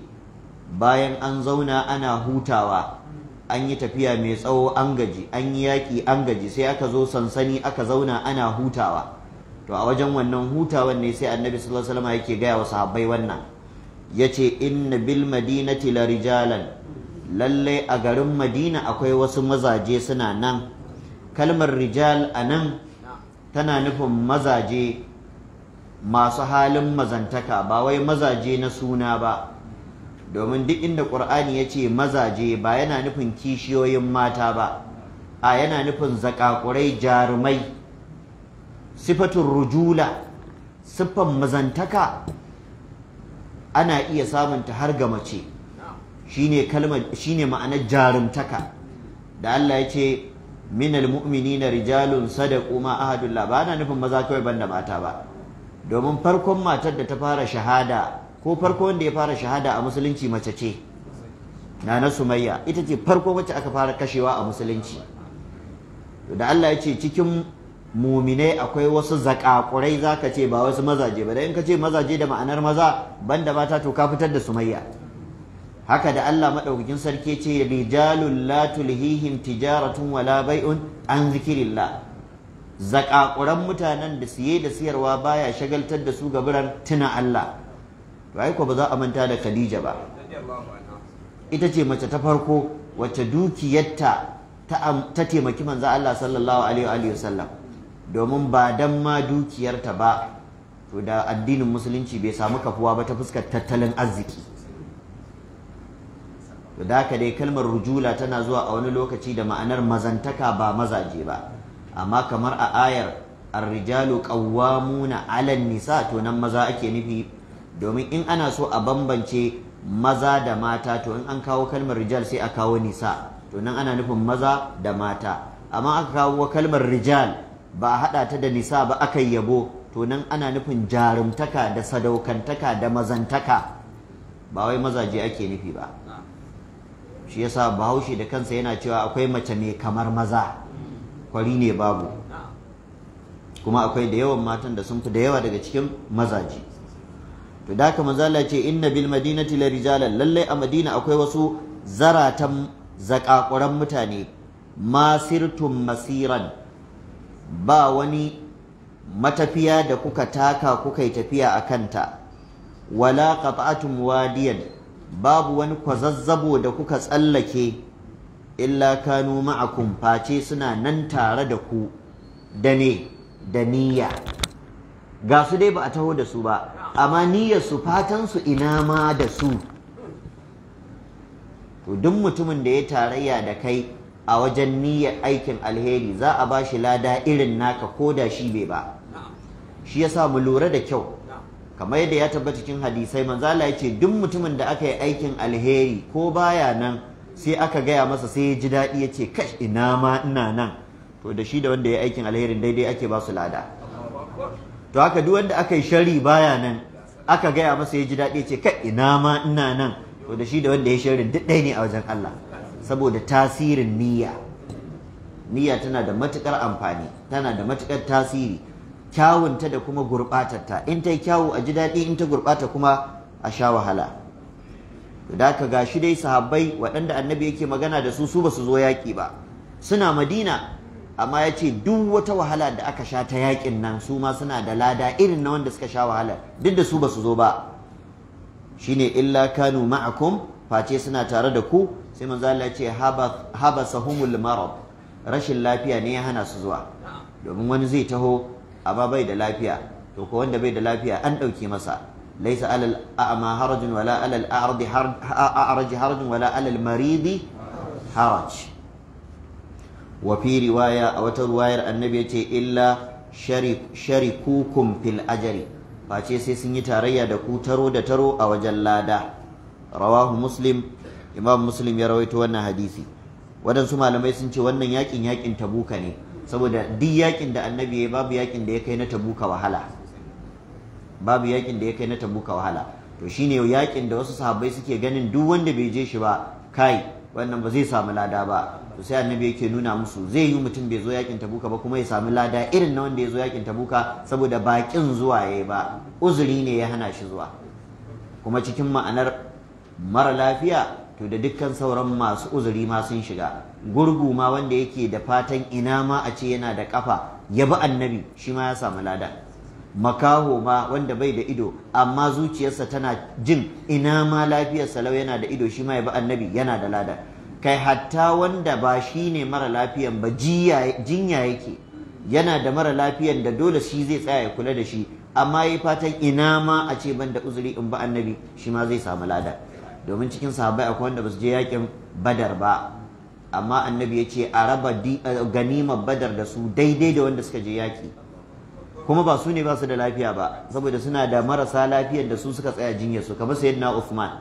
bayan an zauna ana hutawa an yi tafiya mai tsawo an gaji an yi yaki an gaji sai aka zo sansani aka zauna ana hutawa to a wajen wannan hutawan ne sai annabi sallallahu alaihi wasallam yake gaya wa sahabbai wannan yace inna bil madinati la rijalan lalle a garin madina akwai wasu mazaje suna nan kalmar rijal a nan tana nufin mazaje masu halin mazantaka ba wai mazaje na suna ba domin duk inda ƙur'ani yace mazaje ba yana nufin kishiyoyin mata ba a yana nufin zakakurai jarumai sifatun rujula siffan mazantaka ana iya samunta har ga mace shine kalmar shine ma'anar jarumtaka da Allah ya ce minal mu'minina rijalun sadaqu ma ahadullah ba nufin maza kawai banda mata ba domin farkon matar da ta fara shahada ko farko wanda ya fara shahada a musulunci mace ce nana sumayya ita ce farko wacce aka fara kashewa a musulunci da Allah ya ce cikin muminai akwai wasu zakakurai ka ce ba wasu mazaje ba da in ka ce mazaje da ma'anar maza banda mata to ka fitar da sumayya haka da Allah maɗaukakin sarki ce Rijalun la tulhihim tijaratun wala bai'un an zikirillah zakakuran mutanen da siye da siyarwa baya shagaltar da su ga biran tuna Allah to ai ko ba za a manta da Khadija ba ita ce mace ta farko wacce dukiyarta ta taimaki manzo Allah sallallahu alaihi wa sallam domin ba don ma dukiyarta ba to da addinin musulunci bai samu kafuwa ba ta fuskar tattalin arziki to da haka dai kalmar rujula tana zuwa a wani lokaci da ma'anar mazantaka ba mazaje ba amma kamar a ayar ar-rijalu qawwamuna 'alan nisa to nan maza ake nufi domin in ana so a bambance maza da mata to in an kawo kalmar rijal sai a kawo nisa to nan ana nufin maza da mata amma aka kawo kalmar rijal ba a haɗa ta da nisa ba aka yabo to nan ana nufin jarumtaka da sadaukantaka da mazantaka ba wai mazaje ake nufi ba shi yasa bahaushe da kansa yana cewa akwai mace mai kamar maza kwari ne babu kuma akwai da yawan matan da sun fi da yawa daga cikin mazaje to da haka manzala ce inna bil madinati la rijalan lallai a madina akwai wasu zaratan zakakuran mutane masirtum masiran ba wani matafiya da kuka taka kuka yi tafiya a kanta wala qata'atum wadiyan babu wani kwazazzabo da kuka tsallake illa kanu ma'akum face suna nan tare da ku da ne da niyya ga su dai ba a taho da su ba amma niyyar su fatan su ina ma da su to duk mutumin da ya tarayya da kai a wajen niyyar aikin alheri za a ba shi lada irin naka ko da shi bai ba shi sa mu lura da kyau kamar yadda ya tabbata cikin hadisai manzala ya ce duk mutumin da aka yi aikin alheri ko baya nan sai aka gaya masa sai ya ji daɗi ya ce kash ina ma ina nan to da shi da wanda ya aikin alherin daidai ake ba su lada to haka duk wanda aka yi shari baya nan aka gaya masa ya ji daɗi ya ce kai ina ma ina nan to da shi da wanda ya shirin duk ɗaya ne a wajen Allah saboda tasirin niyya niyya tana da matukar amfani tana da matukar tasiri kyawunta da kuma gurɓatarta in ta yi kyawu a ji daɗi in ta gurɓata kuma a sha wahala da ka ga shi dai sahabbai waɗanda annabi yake magana da su su ba su zo yaƙi ba suna madina amma ya ce duk wata wahala da aka sha ta yaƙin nan su ma suna da lada irin na wanda suka sha wahala duk da su ba su zo ba shine illa kanu ma'akum face suna tare da ku sai manzo Allah ya ce habasahumul marad rashin lafiya ne ya hana su zuwa domin wani zai taho amma bai da lafiya to ko wanda bai da lafiya an ɗauke masa laisa alal a'ma harajun wala alal a'radi a'raj harajun wala alal maridi haraj wa fi riwaya a wata ruwayar annabi yace illa sharikukum fil ajri face sai sun yi tarayya da ku taro da taro a wajen lada rawahu muslim Imam Muslim ya rawaito wannan hadisi waɗansu malamai sun ce wannan yakin yakin tabuka ne saboda duk yakin da annabi ya babu yakin da ya kai na tabuka wahala babu yakin da ya kai na tabuka wahala to shine yakin da wasu sahabbai suke ganin duk wanda bai je shi ba kai wannan ba zai samu lada ba to sai annabi yake nuna musu zai yi mutum bai zo yakin tabuka ba kuma ya samu lada irin na wanda ya zo yakin tabuka saboda bakin zuwa yayi ba uzuri ne ya hana shi zuwa kuma cikin ma'anar mara lafiya to da dukkan sauran masu uzuri ma sun shiga gurgu ma wanda yake da fatan ina ma a ce yana da kafa ya bi annabi shi ma ya samu lada makaho ma wanda bai da ido amma zuciyarsa tana jin ina ma lafiyar salau yana da ido shi ma ya bi annabi yana da lada kai hatta wanda ba shi ne mara lafiyan ba jinya yake yana da mara lafiyan da dole shi zai tsaya ya kula da shi amma yi fatan ina ma a ce ban da uzuri in ba annabi shi ma zai samu lada domin cikin sahabbai akwai wanda basu je yakin badar ba amma annabi ya ce a raba ganimar badar da su daidai da wanda suka je yaki kuma ba su ne ba su da lafiya ba saboda suna da marasa lafiyar da su suka tsaya jinya su kamar na Uthman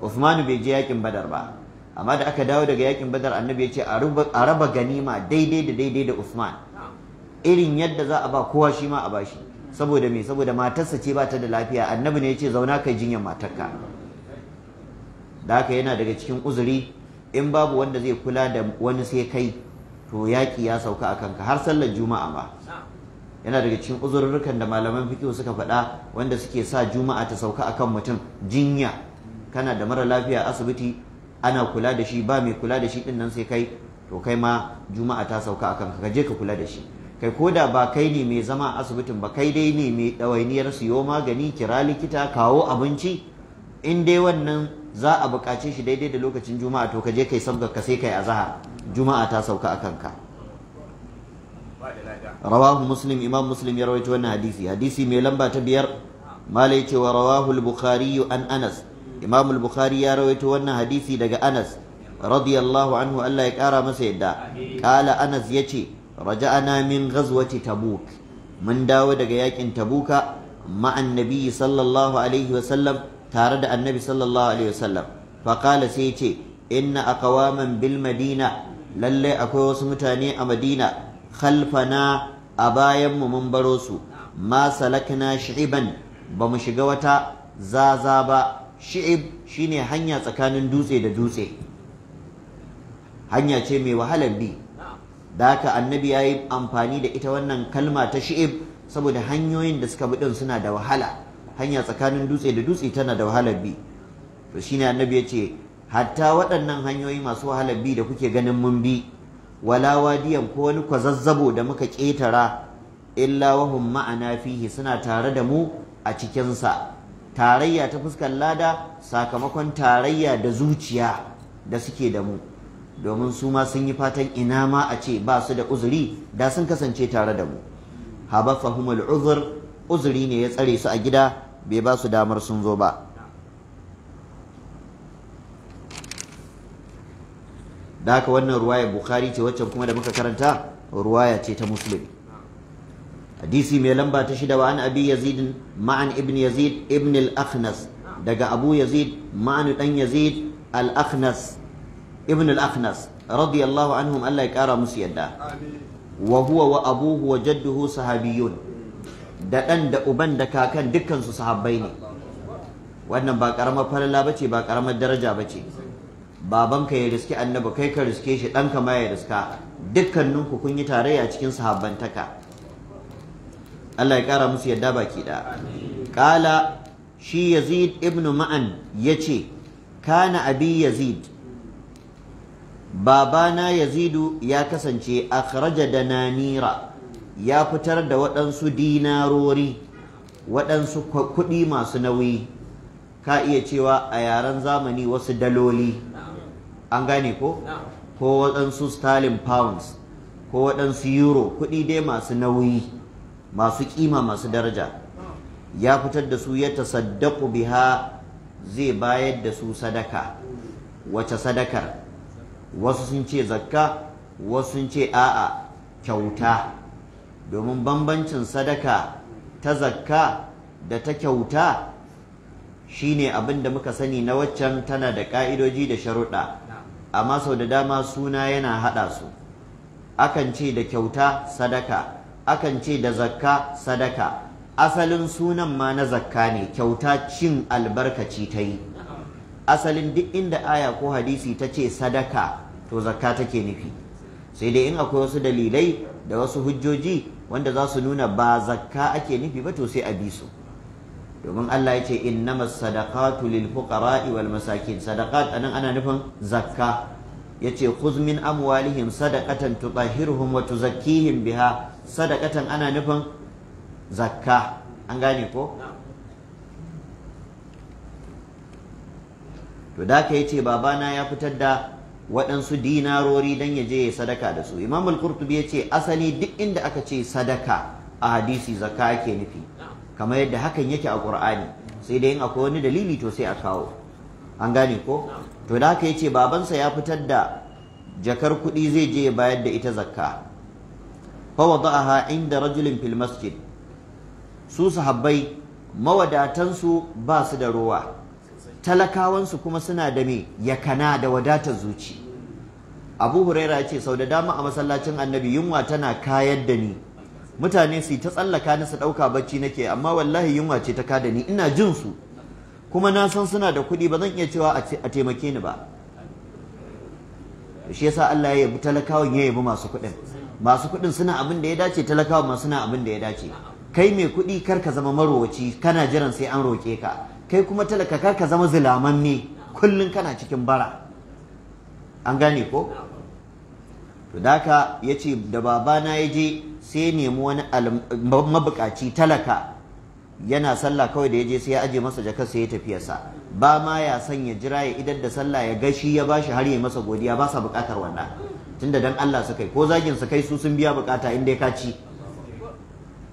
Uthman bai je yakin badar ba amma da aka dawo daga yakin badar annabi ya ce a raba ganima daidai da daidai da Uthman irin yadda za a ba kowa shi ma a bashi saboda me saboda matarsa ce ba ta da lafiya annabi ne ya ce zauna kai jinyar matarka da haka yana daga cikin uzuri in babu wanda zai kula da wani sai kai to yaƙi ya sauka a kanka har sallar juma'a ma yana daga cikin uzurrukan da malaman fikihu suka faɗa wanda suke sa juma'a ta sauka a kan mutum jinya kana da mara lafiya asibiti ana kula da shi ba mai kula da shi ɗin nan sai kai to kai ma juma'a ta sauka kanka ka je ka kula da shi kai ko da ba kai ne mai zama a asibitin ba kai dai ne mai ɗawainiyar siyo magani kira likita kawo abinci in dai wannan za a buƙace shi daidai da lokacin juma'a to ka kai kai sabgar ka sai kai azhar juma'a ta sauka a kanka rawahu muslim imam muslim ya rawaito wannan hadisi hadisi mai lamba ta biyar malai cewa rawahu al-bukhari an anas imam al-bukhari ya rawaito wannan hadisi daga anas radiyallahu anhu Allah ya kara masa yadda kala anas yace raja'ana min ghazwati tabuk mun dawo daga yakin tabuka ma'an nabiyyi sallallahu alaihi wa sallam tare da annabi sallallahu alaihi wasallam fa qala sai yace inna aqwaman bil madina lalle akwai wasu mutane a madina khalfana a bayan mu mun baro su ma salakna shi'iban ba mu shiga wata zaza ba shi'ib shine hanya tsakanin dutse da dutse hanya ce mai wahalar bi da haka annabi ya yi amfani da ita wannan kalma ta shi'ib saboda hanyoyin da suka bi ɗin suna da wahala hanya tsakanin dutse da dutse tana da wahalar bi to shine annabi yace hatta waɗannan hanyoyi masu wahalar bi da kuke ganin mun bi wala wadiyan ko wani kwazazzabo da muka ƙetara illa hum ma'ana fihi suna tare da mu a cikin sa tarayya ta fuskar lada sakamakon tarayya da zuciya da suke da mu domin su ma sun yi fatan ina ma a ce ba su da uzuri da sun kasance tare da mu haba fahumul uzur uzuri ne ya tsare su a gida bai ba su damar sun zo ba da haka wannan ruwaya bukhari ce waccan kuma da muka karanta ruwaya ce ta muslim hadisi mai lamba ta shida wa an abi yazid ma'an ibn yazid ibn al-akhnas daga abu yazid ma'an dan yazid al-akhnas ibn al-akhnas radiyallahu anhum Allah ya kara musu yadda wa huwa wa abuhu wa jadduhu sahabiyun da ɗan da uban da kakan dukkansu sahabbai ne wannan ba ƙaramar falala ba ce ba ƙaramar daraja ba ce babanka ya riske annabi kai ka riske shi ɗanka ma ya riska dukkaninku kun yi tarayya cikin sahabbantaka Allah ya ƙara musu yadda baki ɗaya ƙala shi yazid ibnu ma'an ya ce kana abi yazid babana yazidu ya kasance akhraja da nanira ya fitar da waɗansu dinarori waɗansu kuɗi masu nauyi ka iya cewa a yaren zamani wasu daloli an gane ko ko waɗansu stalin pounds ko waɗansu euro kuɗi dai masu nauyi masu ƙima masu daraja ya fitar da su ya tasaddaku biha zai bayar da su sadaka wace sadakar wasu sun ce zakka wasu sun ce a'a kyauta domin bambancin sadaka ta zakka da ta kyauta shine abin da muka sani na waccan tana da ƙa'idoji da sharuɗa amma sau da dama suna yana haɗa su akan ce da kyauta sadaka akan ce da zakka sadaka asalin sunan ma na zakka ne kyauta cin albarkaci ta yi asalin duk inda aya ko hadisi ta ce sadaka to zakka take nufi sai dai in akwai wasu dalilai da wasu hujjoji wanda za su nuna ba zakka ake nufi ba to sai a bi su domin Allah ya ce innamas sadaqatu lil fuqara'i wal masakin sadaqat anan ana nufin zakka yace khuz min amwalihim sadaqatan tutahhiruhum wa tuzakkihim biha sadaqatan ana nufin zakka an gane ko to da ka yace babana ya fitar da waɗansu dinarori don ya je ya sadaka da su imam al-qurtubi ya ce asali duk inda aka ce sadaka a hadisi zakka ke nufi kamar yadda hakan yake a qur'ani sai dai in akwai wani dalili to sai a kawo an gane ko to da haka yace babansa ya fitar da jakar kuɗi zai je ya bayar da ita zakka fa wada'aha inda rajulin fil masjid su sahabbai mawadatansu ba su da ruwa talakawansu kuma suna da me kana da wadatar zuci abu huraira ce sau da dama a masallacin annabi yunwa tana kayar da ni mutane su ta tsallaka ni su ɗauka bacci nake amma wallahi yunwa ce ta ka da ni ina jin su kuma na san suna da kuɗi ba zan iya cewa a taimake ni ba shi yasa Allah ya yabi talakawan ya yabi masu kuɗin masu kuɗin suna abin da ya dace talakawan ma suna abin da ya dace kai mai kuɗi kar ka zama marowaci kana jiran sai an roke ka kai kuma talaka kar ka zama ne kullum kana cikin bara an gane ko to daka ya ce da babana ya je sai nemi wani mabukaci talaka yana sallah kawai da ya je sai ya aje masa jakar sai ya tafiyarsa ba ma ya san ya jira ya idan da sallah ya gashi ya bashi har ya masa godiya ba sa bukatar wannan tunda dan Allah su kai ko zagin su kai su sun biya bukata inda ya kaci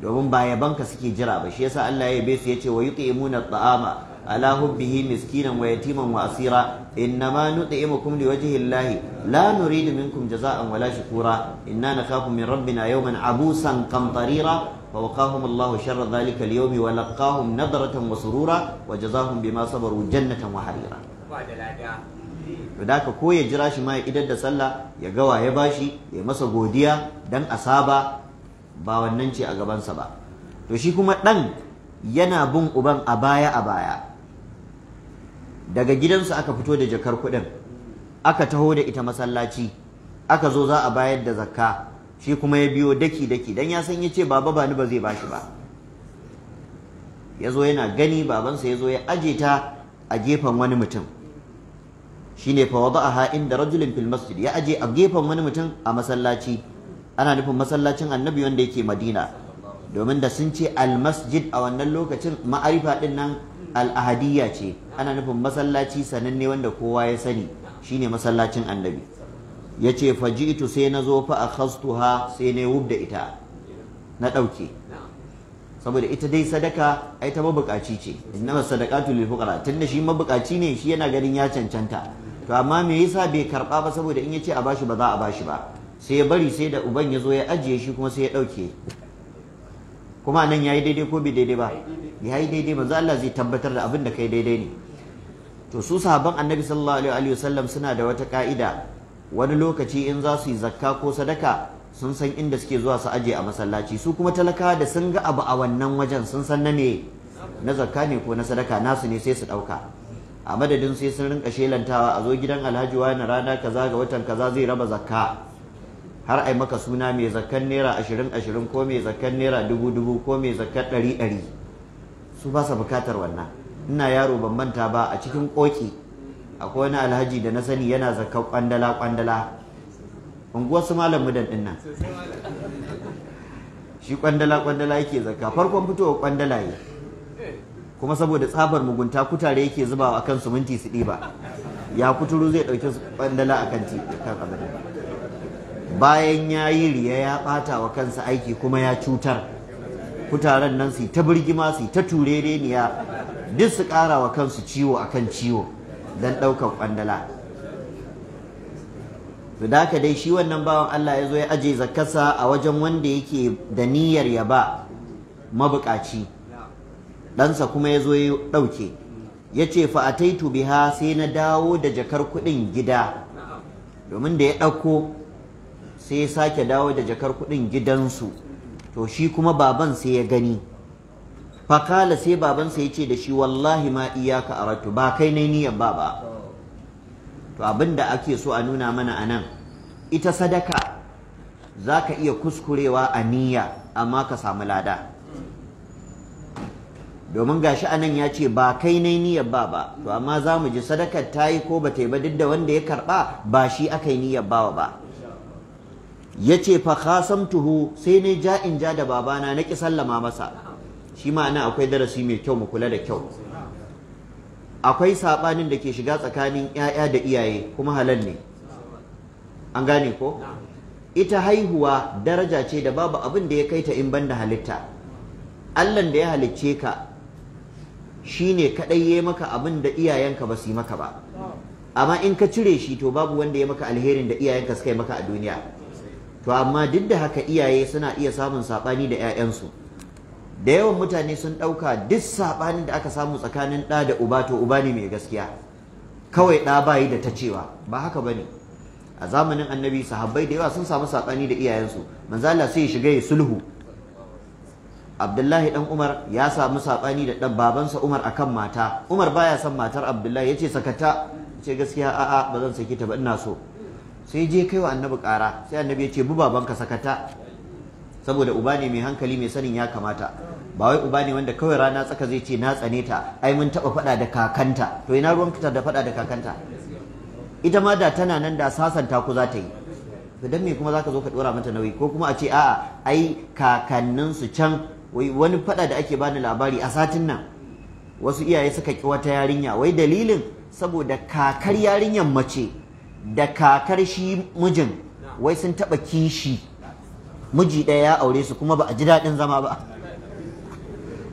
domin ba banka suke jira ba shi yasa Allah ya yabe su yace wa yut'imuna at'ama ala hubbihi miskinan wa yatiman wa asira innama nut'imukum liwajhi Allah la nuridu minkum jaza'an walashi shukura inna nakhafu min rabbi rabbina yawman abusan qamtarira فوقاهم الله شر ذلك اليوم ولقاهم نظرة وسرورا وجزاهم بما صبروا جنة وحريرا da haka ko ya jira shi ma idan da sallah ya gawa ya bashi ya masa godiya dan asaba ba wannan ce a gabansa ba to shi kuma ɗan yana bin uban a baya a baya daga gidansu aka fito da jakar kuɗin aka taho da ita masallaci aka zo za a bayar da zakka shi kuma ya biyo daki daki dan ya san ya ce baba ba ni ba zai shi ba ya zo yana gani babansa ya zo ya aje ta a gefen wani mutum shi ne fa wada'aha inda rajulin fil masjid ya aje a gefen wani mutum a masallaci ana nufin masallacin annabi wanda yake madina domin da sun ce almasjid a wannan lokacin ma'arifa din nan al'ahadiyya ce ana nufin masallaci sananne wanda kowa ya sani shine masallacin annabi ya ce faji'tu sai na zo fa a akhastuha sai na yi da ita na ɗauke saboda ita dai sadaka ai ta mabukaci ce innamas sadaqatu lil fuqara tunda shi mabukaci ne shi yana ganin ya cancanta to amma me yasa bai karba ba saboda in yace a bashi ba za a bashi ba sai ya bari sai da uban ya zo ya ajiye shi kuma sai ya ɗauke kuma nan ya yi daidai ko bai daidai ba ya yi daidai manzo Allah zai tabbatar da abin da kai daidai ne to su sahabban annabi sallallahu alaihi wasallam suna da wata ka'ida wani lokaci in za su yi zakka ko sadaka sun san inda suke zuwa su ajiye a masallaci su kuma talakawa da sun ga abu a wannan wajen sun san na me na zakka ne ko na sadaka nasu ne sai su ɗauka a madadin sai sun rinka shelantawa a zo gidan alhaji wani rana kaza ga watan kaza zai raba zakka har ai maka suna mai zakkan naira ashirin ashirin ko mai zakkan naira dubu dubu ko mai zakkan ɗari ɗari su ba sa bukatar wannan ina yaro ban manta ba a cikin koki akwai wani alhaji da na sani yana zaka kwandala kwandala unguwar su malam mudan din nan shi kwandala kwandala yake zakka farkon fitowa kwandala ne kuma saboda tsabar mugunta kutare yake zubawa akan su minti su ɗiba ya kuturu zai ɗauki kwandala akan kan abin bayan ya yi riya ya ɓata wa kansa aiki kuma ya cutar kutaren nan su ta birgima su ta turereniya duk su ƙara wa kansu ciwo akan ciwo don ɗaukar ƙwandala su daka dai shi wannan bawan Allah ya zo ya aje zakasa a wajen wanda yake da niyyar ya ba mabukaci ɗansa kuma ya zo ya ɗauke ya ce fa'ataitu biha sai na dawo da jakar kuɗin gida domin da ya ɗauko sai ya sake dawo da jakar kudin gidansu to shi kuma baban sai ya gani fakala sai baban babansa ya ce da shi wallahi ma iyaka aratu ba kai ne niyyar ba ba to abinda ake so a nuna mana anan ita sadaka zaka iya kuskurewa a niyya amma ka samu lada domin gashi anan ya ce ba kai ne niyyar ba ba to amma za mu ji sadakar ta yi ko ba ta yi ba duk da wanda ya karba ba shi aka yi niyyar ba ba Ya ce, fa tuhu sai ne in ja da babana na ki sallama masa shi ma'ana akwai darasi mai kyau mu kula da kyau akwai saɓanin da ke shiga tsakanin 'ya'ya da iyaye kuma halal ne an gane ko ita haihuwa daraja ce da babu abin da ya kai ta in banda halitta allan da ya halicce ka shi ne kadai ya maka abin da iyayenka ba su yi maka ba amma in ka cire shi to babu wanda ya maka alherin da iyayenka suka yi maka a duniya to amma duk da haka iyaye suna iya samun saɓani da 'ya'yansu da yawan mutane sun ɗauka duk saɓanin da aka samu tsakanin ɗa da uba to uba ne mai gaskiya kawai ɗa bayi da ta cewa ba haka ba ne a zamanin annabi sahabbai da yawa sun samu saɓani da iyayensu manzala sai ya shiga ya sulhu abdullahi dan umar ya samu saɓani da ɗan babansa umar akan mata umar baya son matar abdullahi ya ce sakata ce gaskiya a'a ba zan sake ta ba ina so sai je kai wa annabi ƙara sai annabi ya ce bu babanka sakata saboda uba ne mai hankali mai sanin ya kamata ba wai uba ne wanda kawai rana tsaka zai ce na tsane ta ai mun taɓa faɗa da kakanta to ina ruwan fitar da faɗa da kakanta ita ma da tana nan da sasanta ku za ta yi to dan me kuma zaka zo ka ɗora mata nauyi ko kuma a ce a'a ai kakanninsu can wai wani faɗa da ake bani labari a satin nan wasu iyaye suka ki wata yarinya wai dalilin saboda kakar yarinyar mace da kakar shi mijin wai sun taɓa kishi miji ɗaya ya aure su kuma ba a ji daɗin zama ba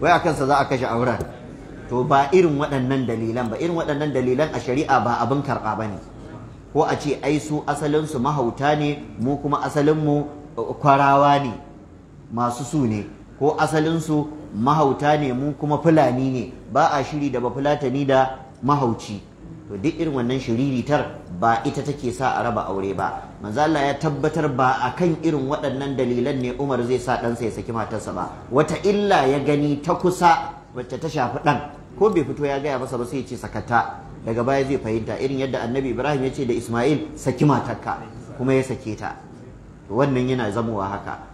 wai a kansa za a kashe auren to ba irin waɗannan dalilan ba irin waɗannan dalilan a shari'a ba abin karɓa ba ne ko a ce ai su asalinsu mahauta ne mu kuma asalinmu uh, kwarawa ne masu su ne ko asalinsu mahauta ne mu kuma fulani ne ba a shiri da bafulatani da mahauci to duk irin wannan shiriritar ba ita take sa a raba aure ba manzo ya tabbatar ba a kan irin waɗannan dalilan ne Umar zai sa ɗansa ya saki matarsa ba wata illa ya gani ta kusa wacce ta shafi ɗan ko bai fito ya gaya masa ba sai ya ce sakata daga baya zai fahimta irin yadda annabi Ibrahim ya ce da Ismail saki matarka kuma ya sake ta wannan yana zamowa haka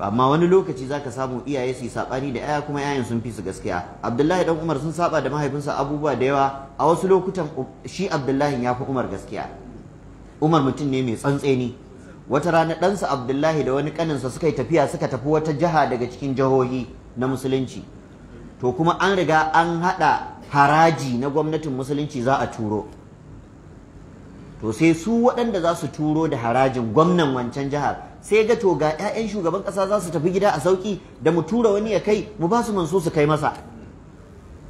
amma wani lokaci zaka samu iyaye su sabani da yaya kuma yayan sun fi su gaskiya Abdullahi dan Umar sun saba da mahaifinsa abubuwa da yawa a wasu lokutan um, shi Abdullahi ya fi Umar gaskiya Umar mutum ne mai tsantseni wata rana ɗansa Abdullahi da wani ƙaninsa suka yi tafiya suka tafi wata jiha daga cikin jihohi na musulunci to kuma an riga an haɗa haraji na gwamnatin musulunci za a turo to sai su waɗanda za su turo da harajin gwamnan wancan jihar sai ga to ga ƴaƴan shugaban ƙasa za su tafi gida a sauki da mu tura wani ya kai mu ba su manso su kai masa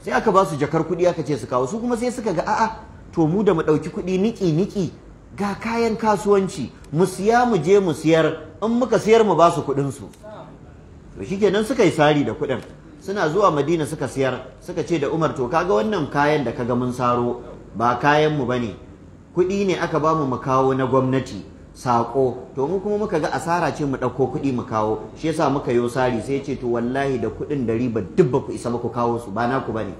sai aka ba su jakar kuɗi aka ce su kawo su kuma sai suka ga a'a to mu da mu ɗauki kuɗi niki-niki ga kayan kasuwanci mu siya mu je mu siyar in muka siyar mu ba su kuɗin su to shikenan suka yi sari da kuɗin suna zuwa Madina suka siyar suka ce da Umar to kaga wannan kayan da kaga mun saro ba kayan mu bane kuɗi ne aka ba mu mu kawo na gwamnati saƙo to mu kuma muka ga asara ce mu ɗauko kuɗi mu kawo shi yasa muka yo sari sai ce to wallahi da kuɗin da riba duk ba ku isa muku kawo su ba naku bane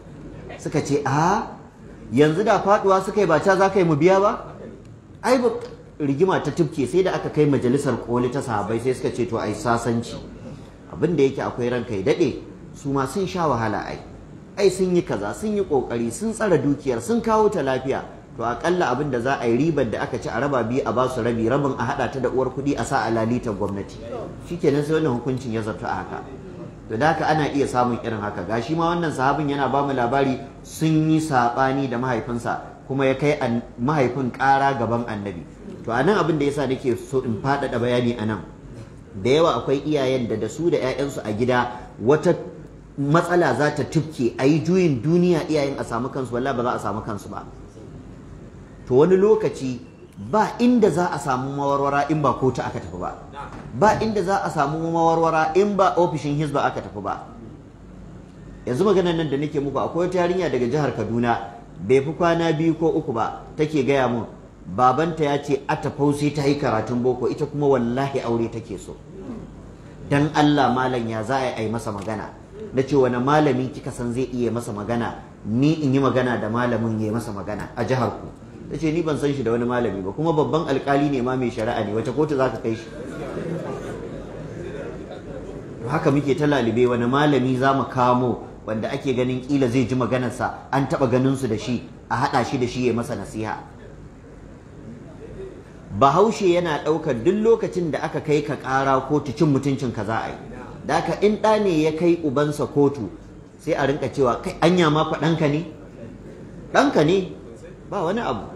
suka ce a yanzu da faɗuwa suka yi ba ta za ka yi mu biya ba ai ba rigima ta tufke sai da aka kai majalisar koli ta sahabai sai suka ce to ai sasanci abin da yake akwai ranka ya dade su ma sun sha wahala ai ai sun yi kaza sun yi ƙoƙari sun tsara dukiyar sun kawo ta lafiya to akalla abin da za a yi ribar da aka ci a raba biyu a ba su rabi rabin a hada ta da uwar kuɗi a sa a lalita gwamnati shikenan sai wannan hukuncin ya zato a haka to da haka ana iya samun irin haka gashi ma wannan sahabin yana ba mu labari sun yi saɓani da mahaifinsa kuma ya kai mahaifin ƙara gaban annabi to a nan abin da ya yasa nake so in faɗaɗa bayani a nan, da yawa akwai iyayen da da su da 'ya'yansu a gida wata matsala za ta tufke a yi juyin duniya iyayen a samu kansu walla ba za a samu kansu ba to wani lokaci ba inda za a samu mawarwara in ba kota aka tafi ba ba inda za a samu mawarwara in ba ofishin hizba aka tafi ba yanzu maganar nan da nake muku akwai wata yarinya daga jihar Kaduna bai fi kwana biyu ko uku ba take gaya mun babanta ya ce a tafau sai ta yi karatun boko ita kuma wallahi aure take so dan Allah malam ya za a yi masa magana na ce wani malami kika san zai iya masa magana ni in yi magana da malamin ya yi masa magana a jihar ku ta ce ni ban san shi da wani malami ba kuma babban alkali ne ma mai shari'a ne wace kotu za ka kai shi to haka muke ta lalube wani malami za mu kamo wanda ake ganin kila zai ji maganarsa an taɓa su da shi a haɗa shi da shi ya masa nasiha bahaushe yana ɗaukar duk lokacin da aka kai ka ƙara kotu cin mutuncin ka za a yi da in ɗa ne ya kai ubansa kotu sai a rinka cewa kai anya ma fa ɗanka ne ɗanka ne ba wani abu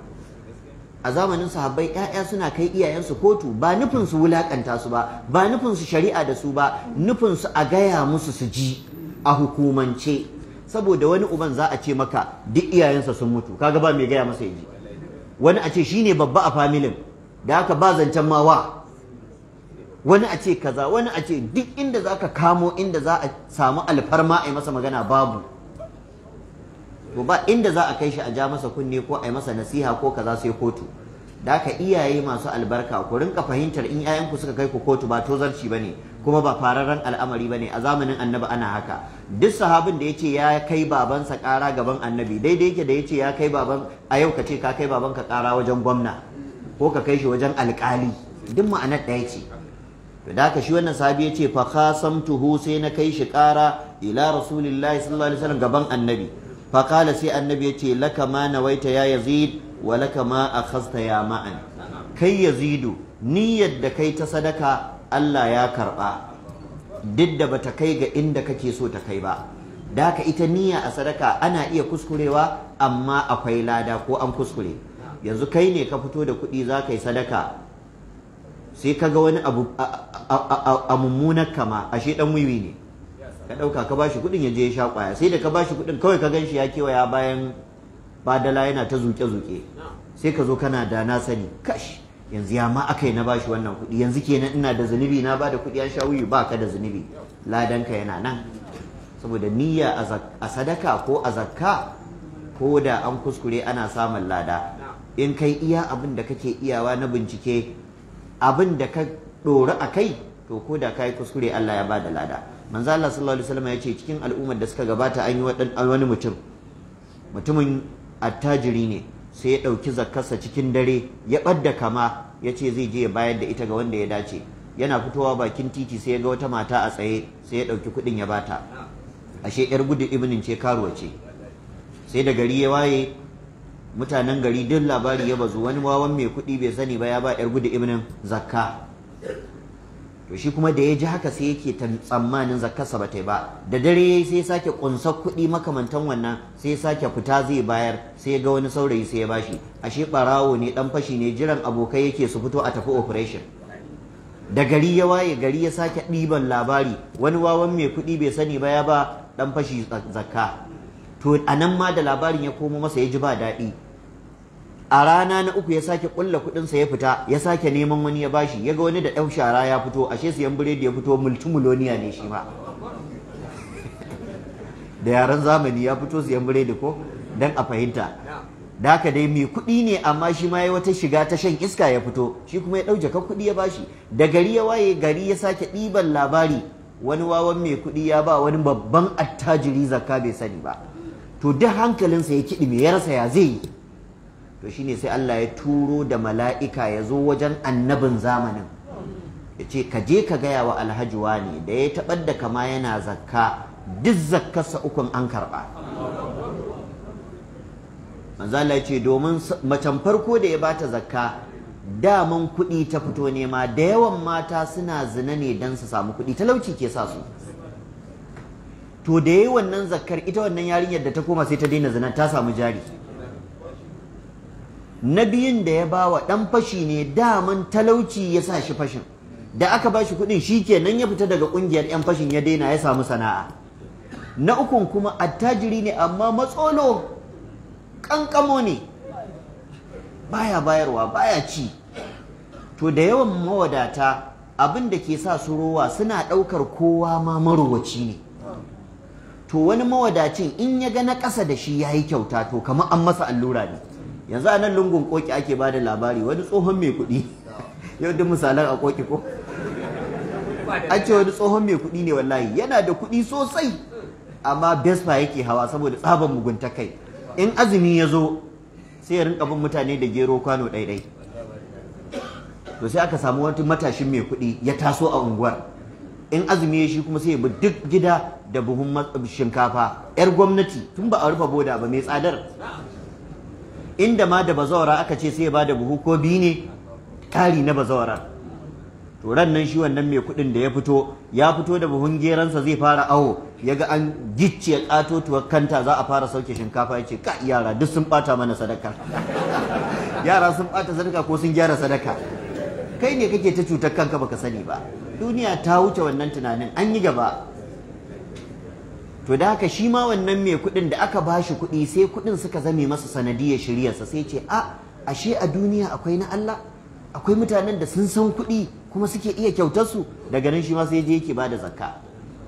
a zamanin sahabbai ƴaƴa suna kai iyayensu kotu ba nufin su wulakanta su ba ba nufin su shari'a da su ba nufin su a gaya musu su ji a hukumance saboda wani uban za a ce maka duk iyayensa sun mutu kaga ba mai gaya masa ya ji wani a ce shine babba a familin da haka ba zancen ma wa wani a ce kaza wani a ce duk inda za ka kamo inda za a samu alfarma a yi masa magana babu to ba inda za a kai shi a ja masa kunne ko a yi masa nasiha ko kaza sai kotu da ka iyaye masu albarka ku rinka fahimtar in 'ya'yanku suka kai ku kotu ba tozarci ba ne kuma ba fararren al'amari ba ne a zamanin annabi ana haka duk sahabin da ya ce ya kai babansa ƙara gaban annabi daidai yake da ya ce ya kai baban a yau ka ce ka kai babanka ƙara wajen gwamna ko ka kai shi wajen alƙali duk ma'anar ɗaya ce to da ka shi wannan sahabi ya ce fa khasamtuhu sai na kai shi ƙara ila rasulillahi sallallahu alaihi wasallam gaban annabi faƙala sai annabi ya ce laka ma nawaita ya yazid wa laka ma akhasta ya kai yazidu niyyar da kai ta sadaka Allah ya karɓa duk da bata kai ga inda kake so ta kai ba da haka ita niyya a sadaka ana iya kuskurewa amma akwai lada ko an kuskure yanzu kai ne ka fito da kuɗi za ka yi sadaka sai kaga wani abu a mummunar kama ashe ɗan wiwi ne ka ɗauka ka ba shi kuɗin ya je ya sha ƙwaya sai da ka bashi kuɗin kawai ka gan shi ya kewaya bayan badala yana ta zuke-zuke sai ka zo kana da na sani kash yanzu ya ma aka yi na bashi wannan kuɗi yanzu ke nan ina da zunubi na ba da kuɗi an sha wuyi ba ka da zunubi ladanka yana nan saboda niyya a sadaka ko a zakka ko da an kuskure ana samun lada in kai iya abin da kake iyawa na bincike abin da ka ɗori a kai to ko da ka yi kuskure Allah ya ba da lada manzo Allah sallallahu alaihi wasallam ya ce cikin al'ummar da suka gabata an yi wani mutum mutumin attajiri ne sai ya dauki zakkarsa cikin dare ya ɓadda kama ya ce zai je ya bayar da ita ga wanda ya dace yana fitowa bakin titi sai ya ga wata mata a tsaye sai ya dauki kudin ya bata ashe yar gudu ibnin ce karuwa ce sai da gari ya waye mutanen gari duk labari ya bazu wani wawan mai kudi bai sani ba ya ba yar gudu ibnin zakka to shi kuma da ya ji haka sai yake tsammanin zakkarsa ba ta ba da dare yi sai sake kunsa kuɗi makamantan wannan sai sake fita zai bayar sai ya ga wani saurayi sai ya bashi ashe barawo ne dan fashi ne jiran abokai yake su fito a tafi operation da gari ya waye gari ya sake ɗiban labari wani wawan mai kuɗi bai sani ba ya ba dan fashi zakka to anan ma da labarin ya komo masa ya ji ba daɗi a rana na uku ya sake kulla sa ya fita ya sake neman wani ya bashi Yaga wani da ɗau shara ya fito ashe siyan biredi ya fito multimiloniya ne shi ma da yaran zamani ya fito siyan biredi ko dan a fahimta da haka dai mai kuɗi ne amma shi ma ya wata shiga ta shan iska ya fito shi kuma ya ɗauke kan kuɗi ya bashi da gari ya waye gari ya sake ɗiban labari wani wawan mai kuɗi ya ba wani babban attajiri zakka bai sani ba to duk hankalinsa ya kiɗi mai ya ya zai yi to shine sai Allah ya turo da mala'ika ya zo wajen annabin zamanin ya ce ka je ka gaya wa ne da ya taɓa da kama yana zakka duk zakkarsa ukun an karɓa manzala ya ce domin macen farko da ya ba ta zakka daman kuɗi ta fito nema da yawan mata suna zina ne don su samu kuɗi talauci ke sa su to da ya yi wannan zakkar ita wannan yarinyar da ta koma sai ta daina zina ta samu jari na biyun da ya bawa ɗan fashi ne daman talauci ya sa shi fashin da aka ba shi kuɗin shi ke nan ya fita daga ƙungiyar 'yan fashin ya daina ya samu sana'a na ukun kuma attajiri ne amma matsolo ƙanƙamo ne baya bayarwa baya ci to da yawan mawadata abin da ke sa su rowa suna ɗaukar kowa ma marowaci ne to wani mawadacin in ya ga na ƙasa da shi ya yi kyauta to kamar an masa allura ne yanzu a nan lungun koki ake ba da labari wani tsohon mai kuɗi yau duk misalan a koki ko a ce wani tsohon mai kuɗi ne wallahi yana da kuɗi sosai amma bespa yake hawa saboda tsaban mugunta kai in azumi ya zo sai ya rinka bin mutane da gero kwano ɗaiɗai to sai aka samu wani matashin mai kuɗi ya taso a unguwar in azumi ya shi kuma sai ya bi duk gida da buhun shinkafa 'yar gwamnati tun ba a rufe boda ba mai tsadar inda ma da bazawara aka ce sai ya bada buhu ko biyu ne ƙari na bazawara to ran nan shi wannan mai kuɗin da ya fito ya fito da buhun geransa zai fara awo ya ga an gicce ƙatotuwar kanta za a fara sauke shinkafa ya ce ka yara duk sun ɓata mana sadaka yara sun ɓata sadaka ko sun gyara sadaka kai ne kake ta cutar kanka baka sani ba duniya ta wuce wannan tunanin an yi gaba to da haka shi ma wannan mai kudin da aka bashi kuɗi sai kuɗin suka zame masa sanadiyar shiryarsa sai ce a ashe a duniya akwai na Allah akwai mutanen da sun san kuɗi kuma suke iya kyautar su daga nan shi ma sai je yake bada zakka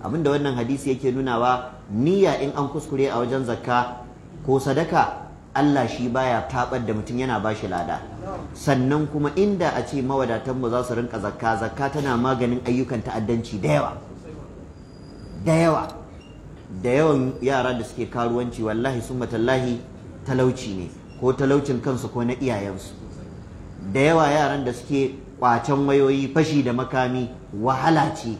abinda wannan hadisi yake nunawa niyya in an kuskure a wajen zakka ko sadaka Allah shi baya tabar da mutum yana bashi lada sannan kuma inda a ce mawadatan mu za su rinka zakka zakka tana maganin ayyukan ta'addanci da yawa da yawa da yawan yara da suke karuwanci wallahi sun matallahi talauci ne ko talaucin kansu ko na iyayensu da yawa yaran da suke kwacen wayoyi fashi da makami wahala ce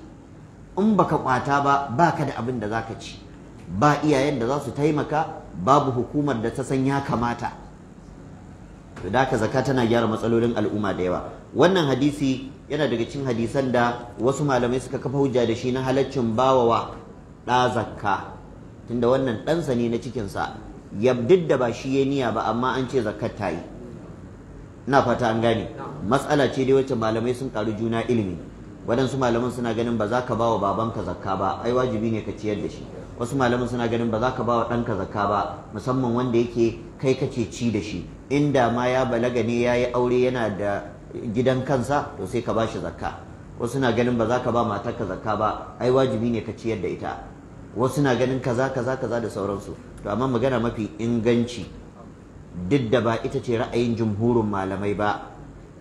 in baka kwata ba ba ka da abin da ka ci ba iyayen da za su taimaka babu hukumar da ta san ya kamata da haka zaka tana gyara matsalolin al'umma da yawa wannan hadisi yana daga cikin hadisan da wasu malamai suka kafa hujja da shi na halaccin bawawa ɗa zakka tunda wannan ɗansa ne na sa yabdid da ba shi ya niya ba amma an ce zakkar ta yi na fata an gane matsala ce dai wacce malamai sun karu juna ilimi waɗansu malaman suna ganin ba za ka ba wa babanka zakka ba ai wajibi ne ka ciyar da shi wasu malaman suna ganin ba za ka ba wa ɗanka zakka ba musamman wanda yake kai kace ci da shi inda ma ya balaga ne ya yi aure yana da gidan kansa to sai ka ba shi zakka wasu na ganin ba za ka ba matarka zakka ba ai wajibi ne ka ciyar da ita wasu na ganin kaza kaza kaza da sauransu to amma magana mafi inganci duk da ba ita ce ra'ayin jumhurin malamai ba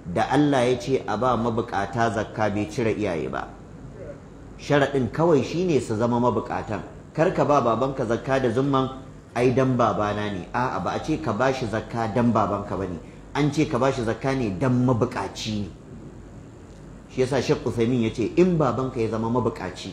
da Allah ya ce a ba mabukata zakka bai cire iyaye ba sharaɗin kawai shine su zama mabukatan kar ka ba babanka zakka da zumman ai dan babana ne a'a ba a ce ka bashi zakka dan babanka bane an ce ka bashi zakka ne dan mabukaci ne shi yasa Sheikh Uthaymeen yace in babanka ya zama mabukaci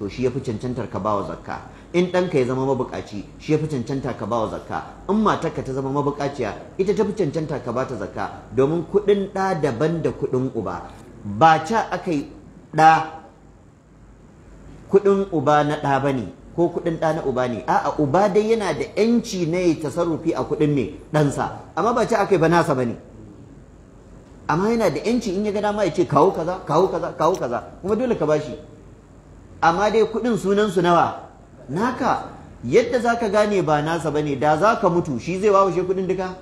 to shi ya fi cancantar ka bawa zakka in ɗanka ya zama mabukaci shi yafi cancanta ka bawa zakka in matarka ta zama mabukaciya ita ta fi cancanta ka bata zakka domin kuɗin ɗa daban da kuɗin uba ba ca aka yi ɗa kuɗin uba na ɗa ba ne ko kuɗin ɗa na uba ne a'a uba dai yana da yanci na ya tasarrufi a kuɗin mai ɗansa amma ba ca aka yi ba nasa ba ne amma yana da yanci in ya ga dama ya ce kawo kaza kawo kaza kawo kaza kuma dole ka bashi amma dai kuɗin sunansu nawa naka yadda za ka gane ba nasa ba ne da za ka mutu shi zai wawashe kudin duka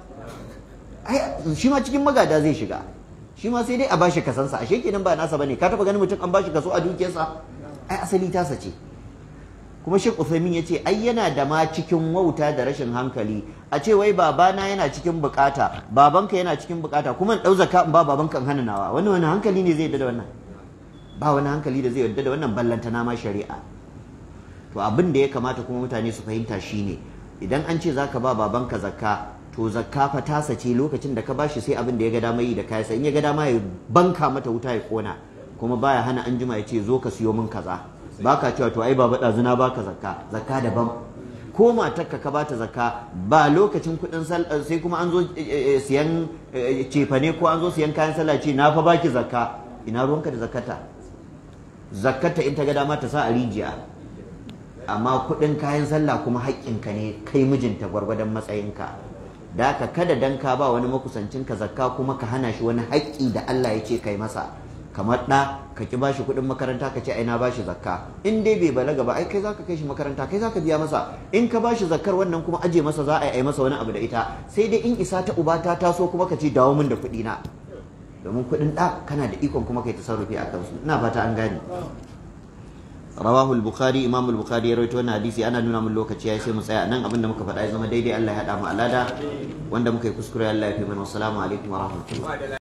shi ma cikin magada zai shiga shi ma sai dai a bashi kasansa ashe kenan ba nasa ba ne ka taɓa ganin mutum an bashi kaso a dukiyarsa ai asali tasa ce kuma Sheikh ya yace ai yana da ma cikin wauta da rashin hankali a ce wai babana yana cikin bukata babanka yana cikin bukata kuma in dau zakat in ba babanka in hana nawa wani hankali ne zai da wannan ba wani hankali da zai yarda da wannan na ma shari'a to abin da ya kamata kuma mutane su fahimta shine idan an ce zaka ba babanka zakka to zakka fa ta sace lokacin da ka bashi sai abin da ya ga dama yi da kai in ya ga dama banka mata wuta ya kona kuma baya hana anjima ya ce zo ka siyo min kaza baka cewa to ai baba dazuna baka zakka zakka daban ko matarka ka bata zakka ba lokacin kudin sai kuma an zo eh, eh, eh, siyan cefane ko an zo siyan kayan sallah ce na fa baki zakka ina ruwanka da zakata zakkata in ta ga dama ta sa a rijiya amma kudin kayan sallah kuma haƙƙinka ne kai mijinta gwargwadon matsayinka da ka kada dan ka ba wani makusancin ka zakka kuma ka hana shi wani haƙƙi da Allah ya ce kai masa kamar ɗa ka ki bashi kudin makaranta ka ce aina bashi zakka in dai bai balaga ba ai kai zaka kai shi makaranta kai zaka biya masa in ka bashi zakkar wannan kuma aje masa za a yi masa wani abu da ita sai dai in isa ta uba ta taso kuma ka ce dawo min da kuɗi na domin kuɗin ɗa kana da ikon kuma kai tasarrufi a kansu ina fata an gane rawahu al-bukhari imam al-bukhari ya rawaito wannan hadisi ana nuna mun lokaci ya sai mu tsaya nan abinda muka faɗa ya zama daidai Allah ya hada mu alada wanda muka yi kuskure Allah ya fi mana assalamu alaikum wa rahmatullahi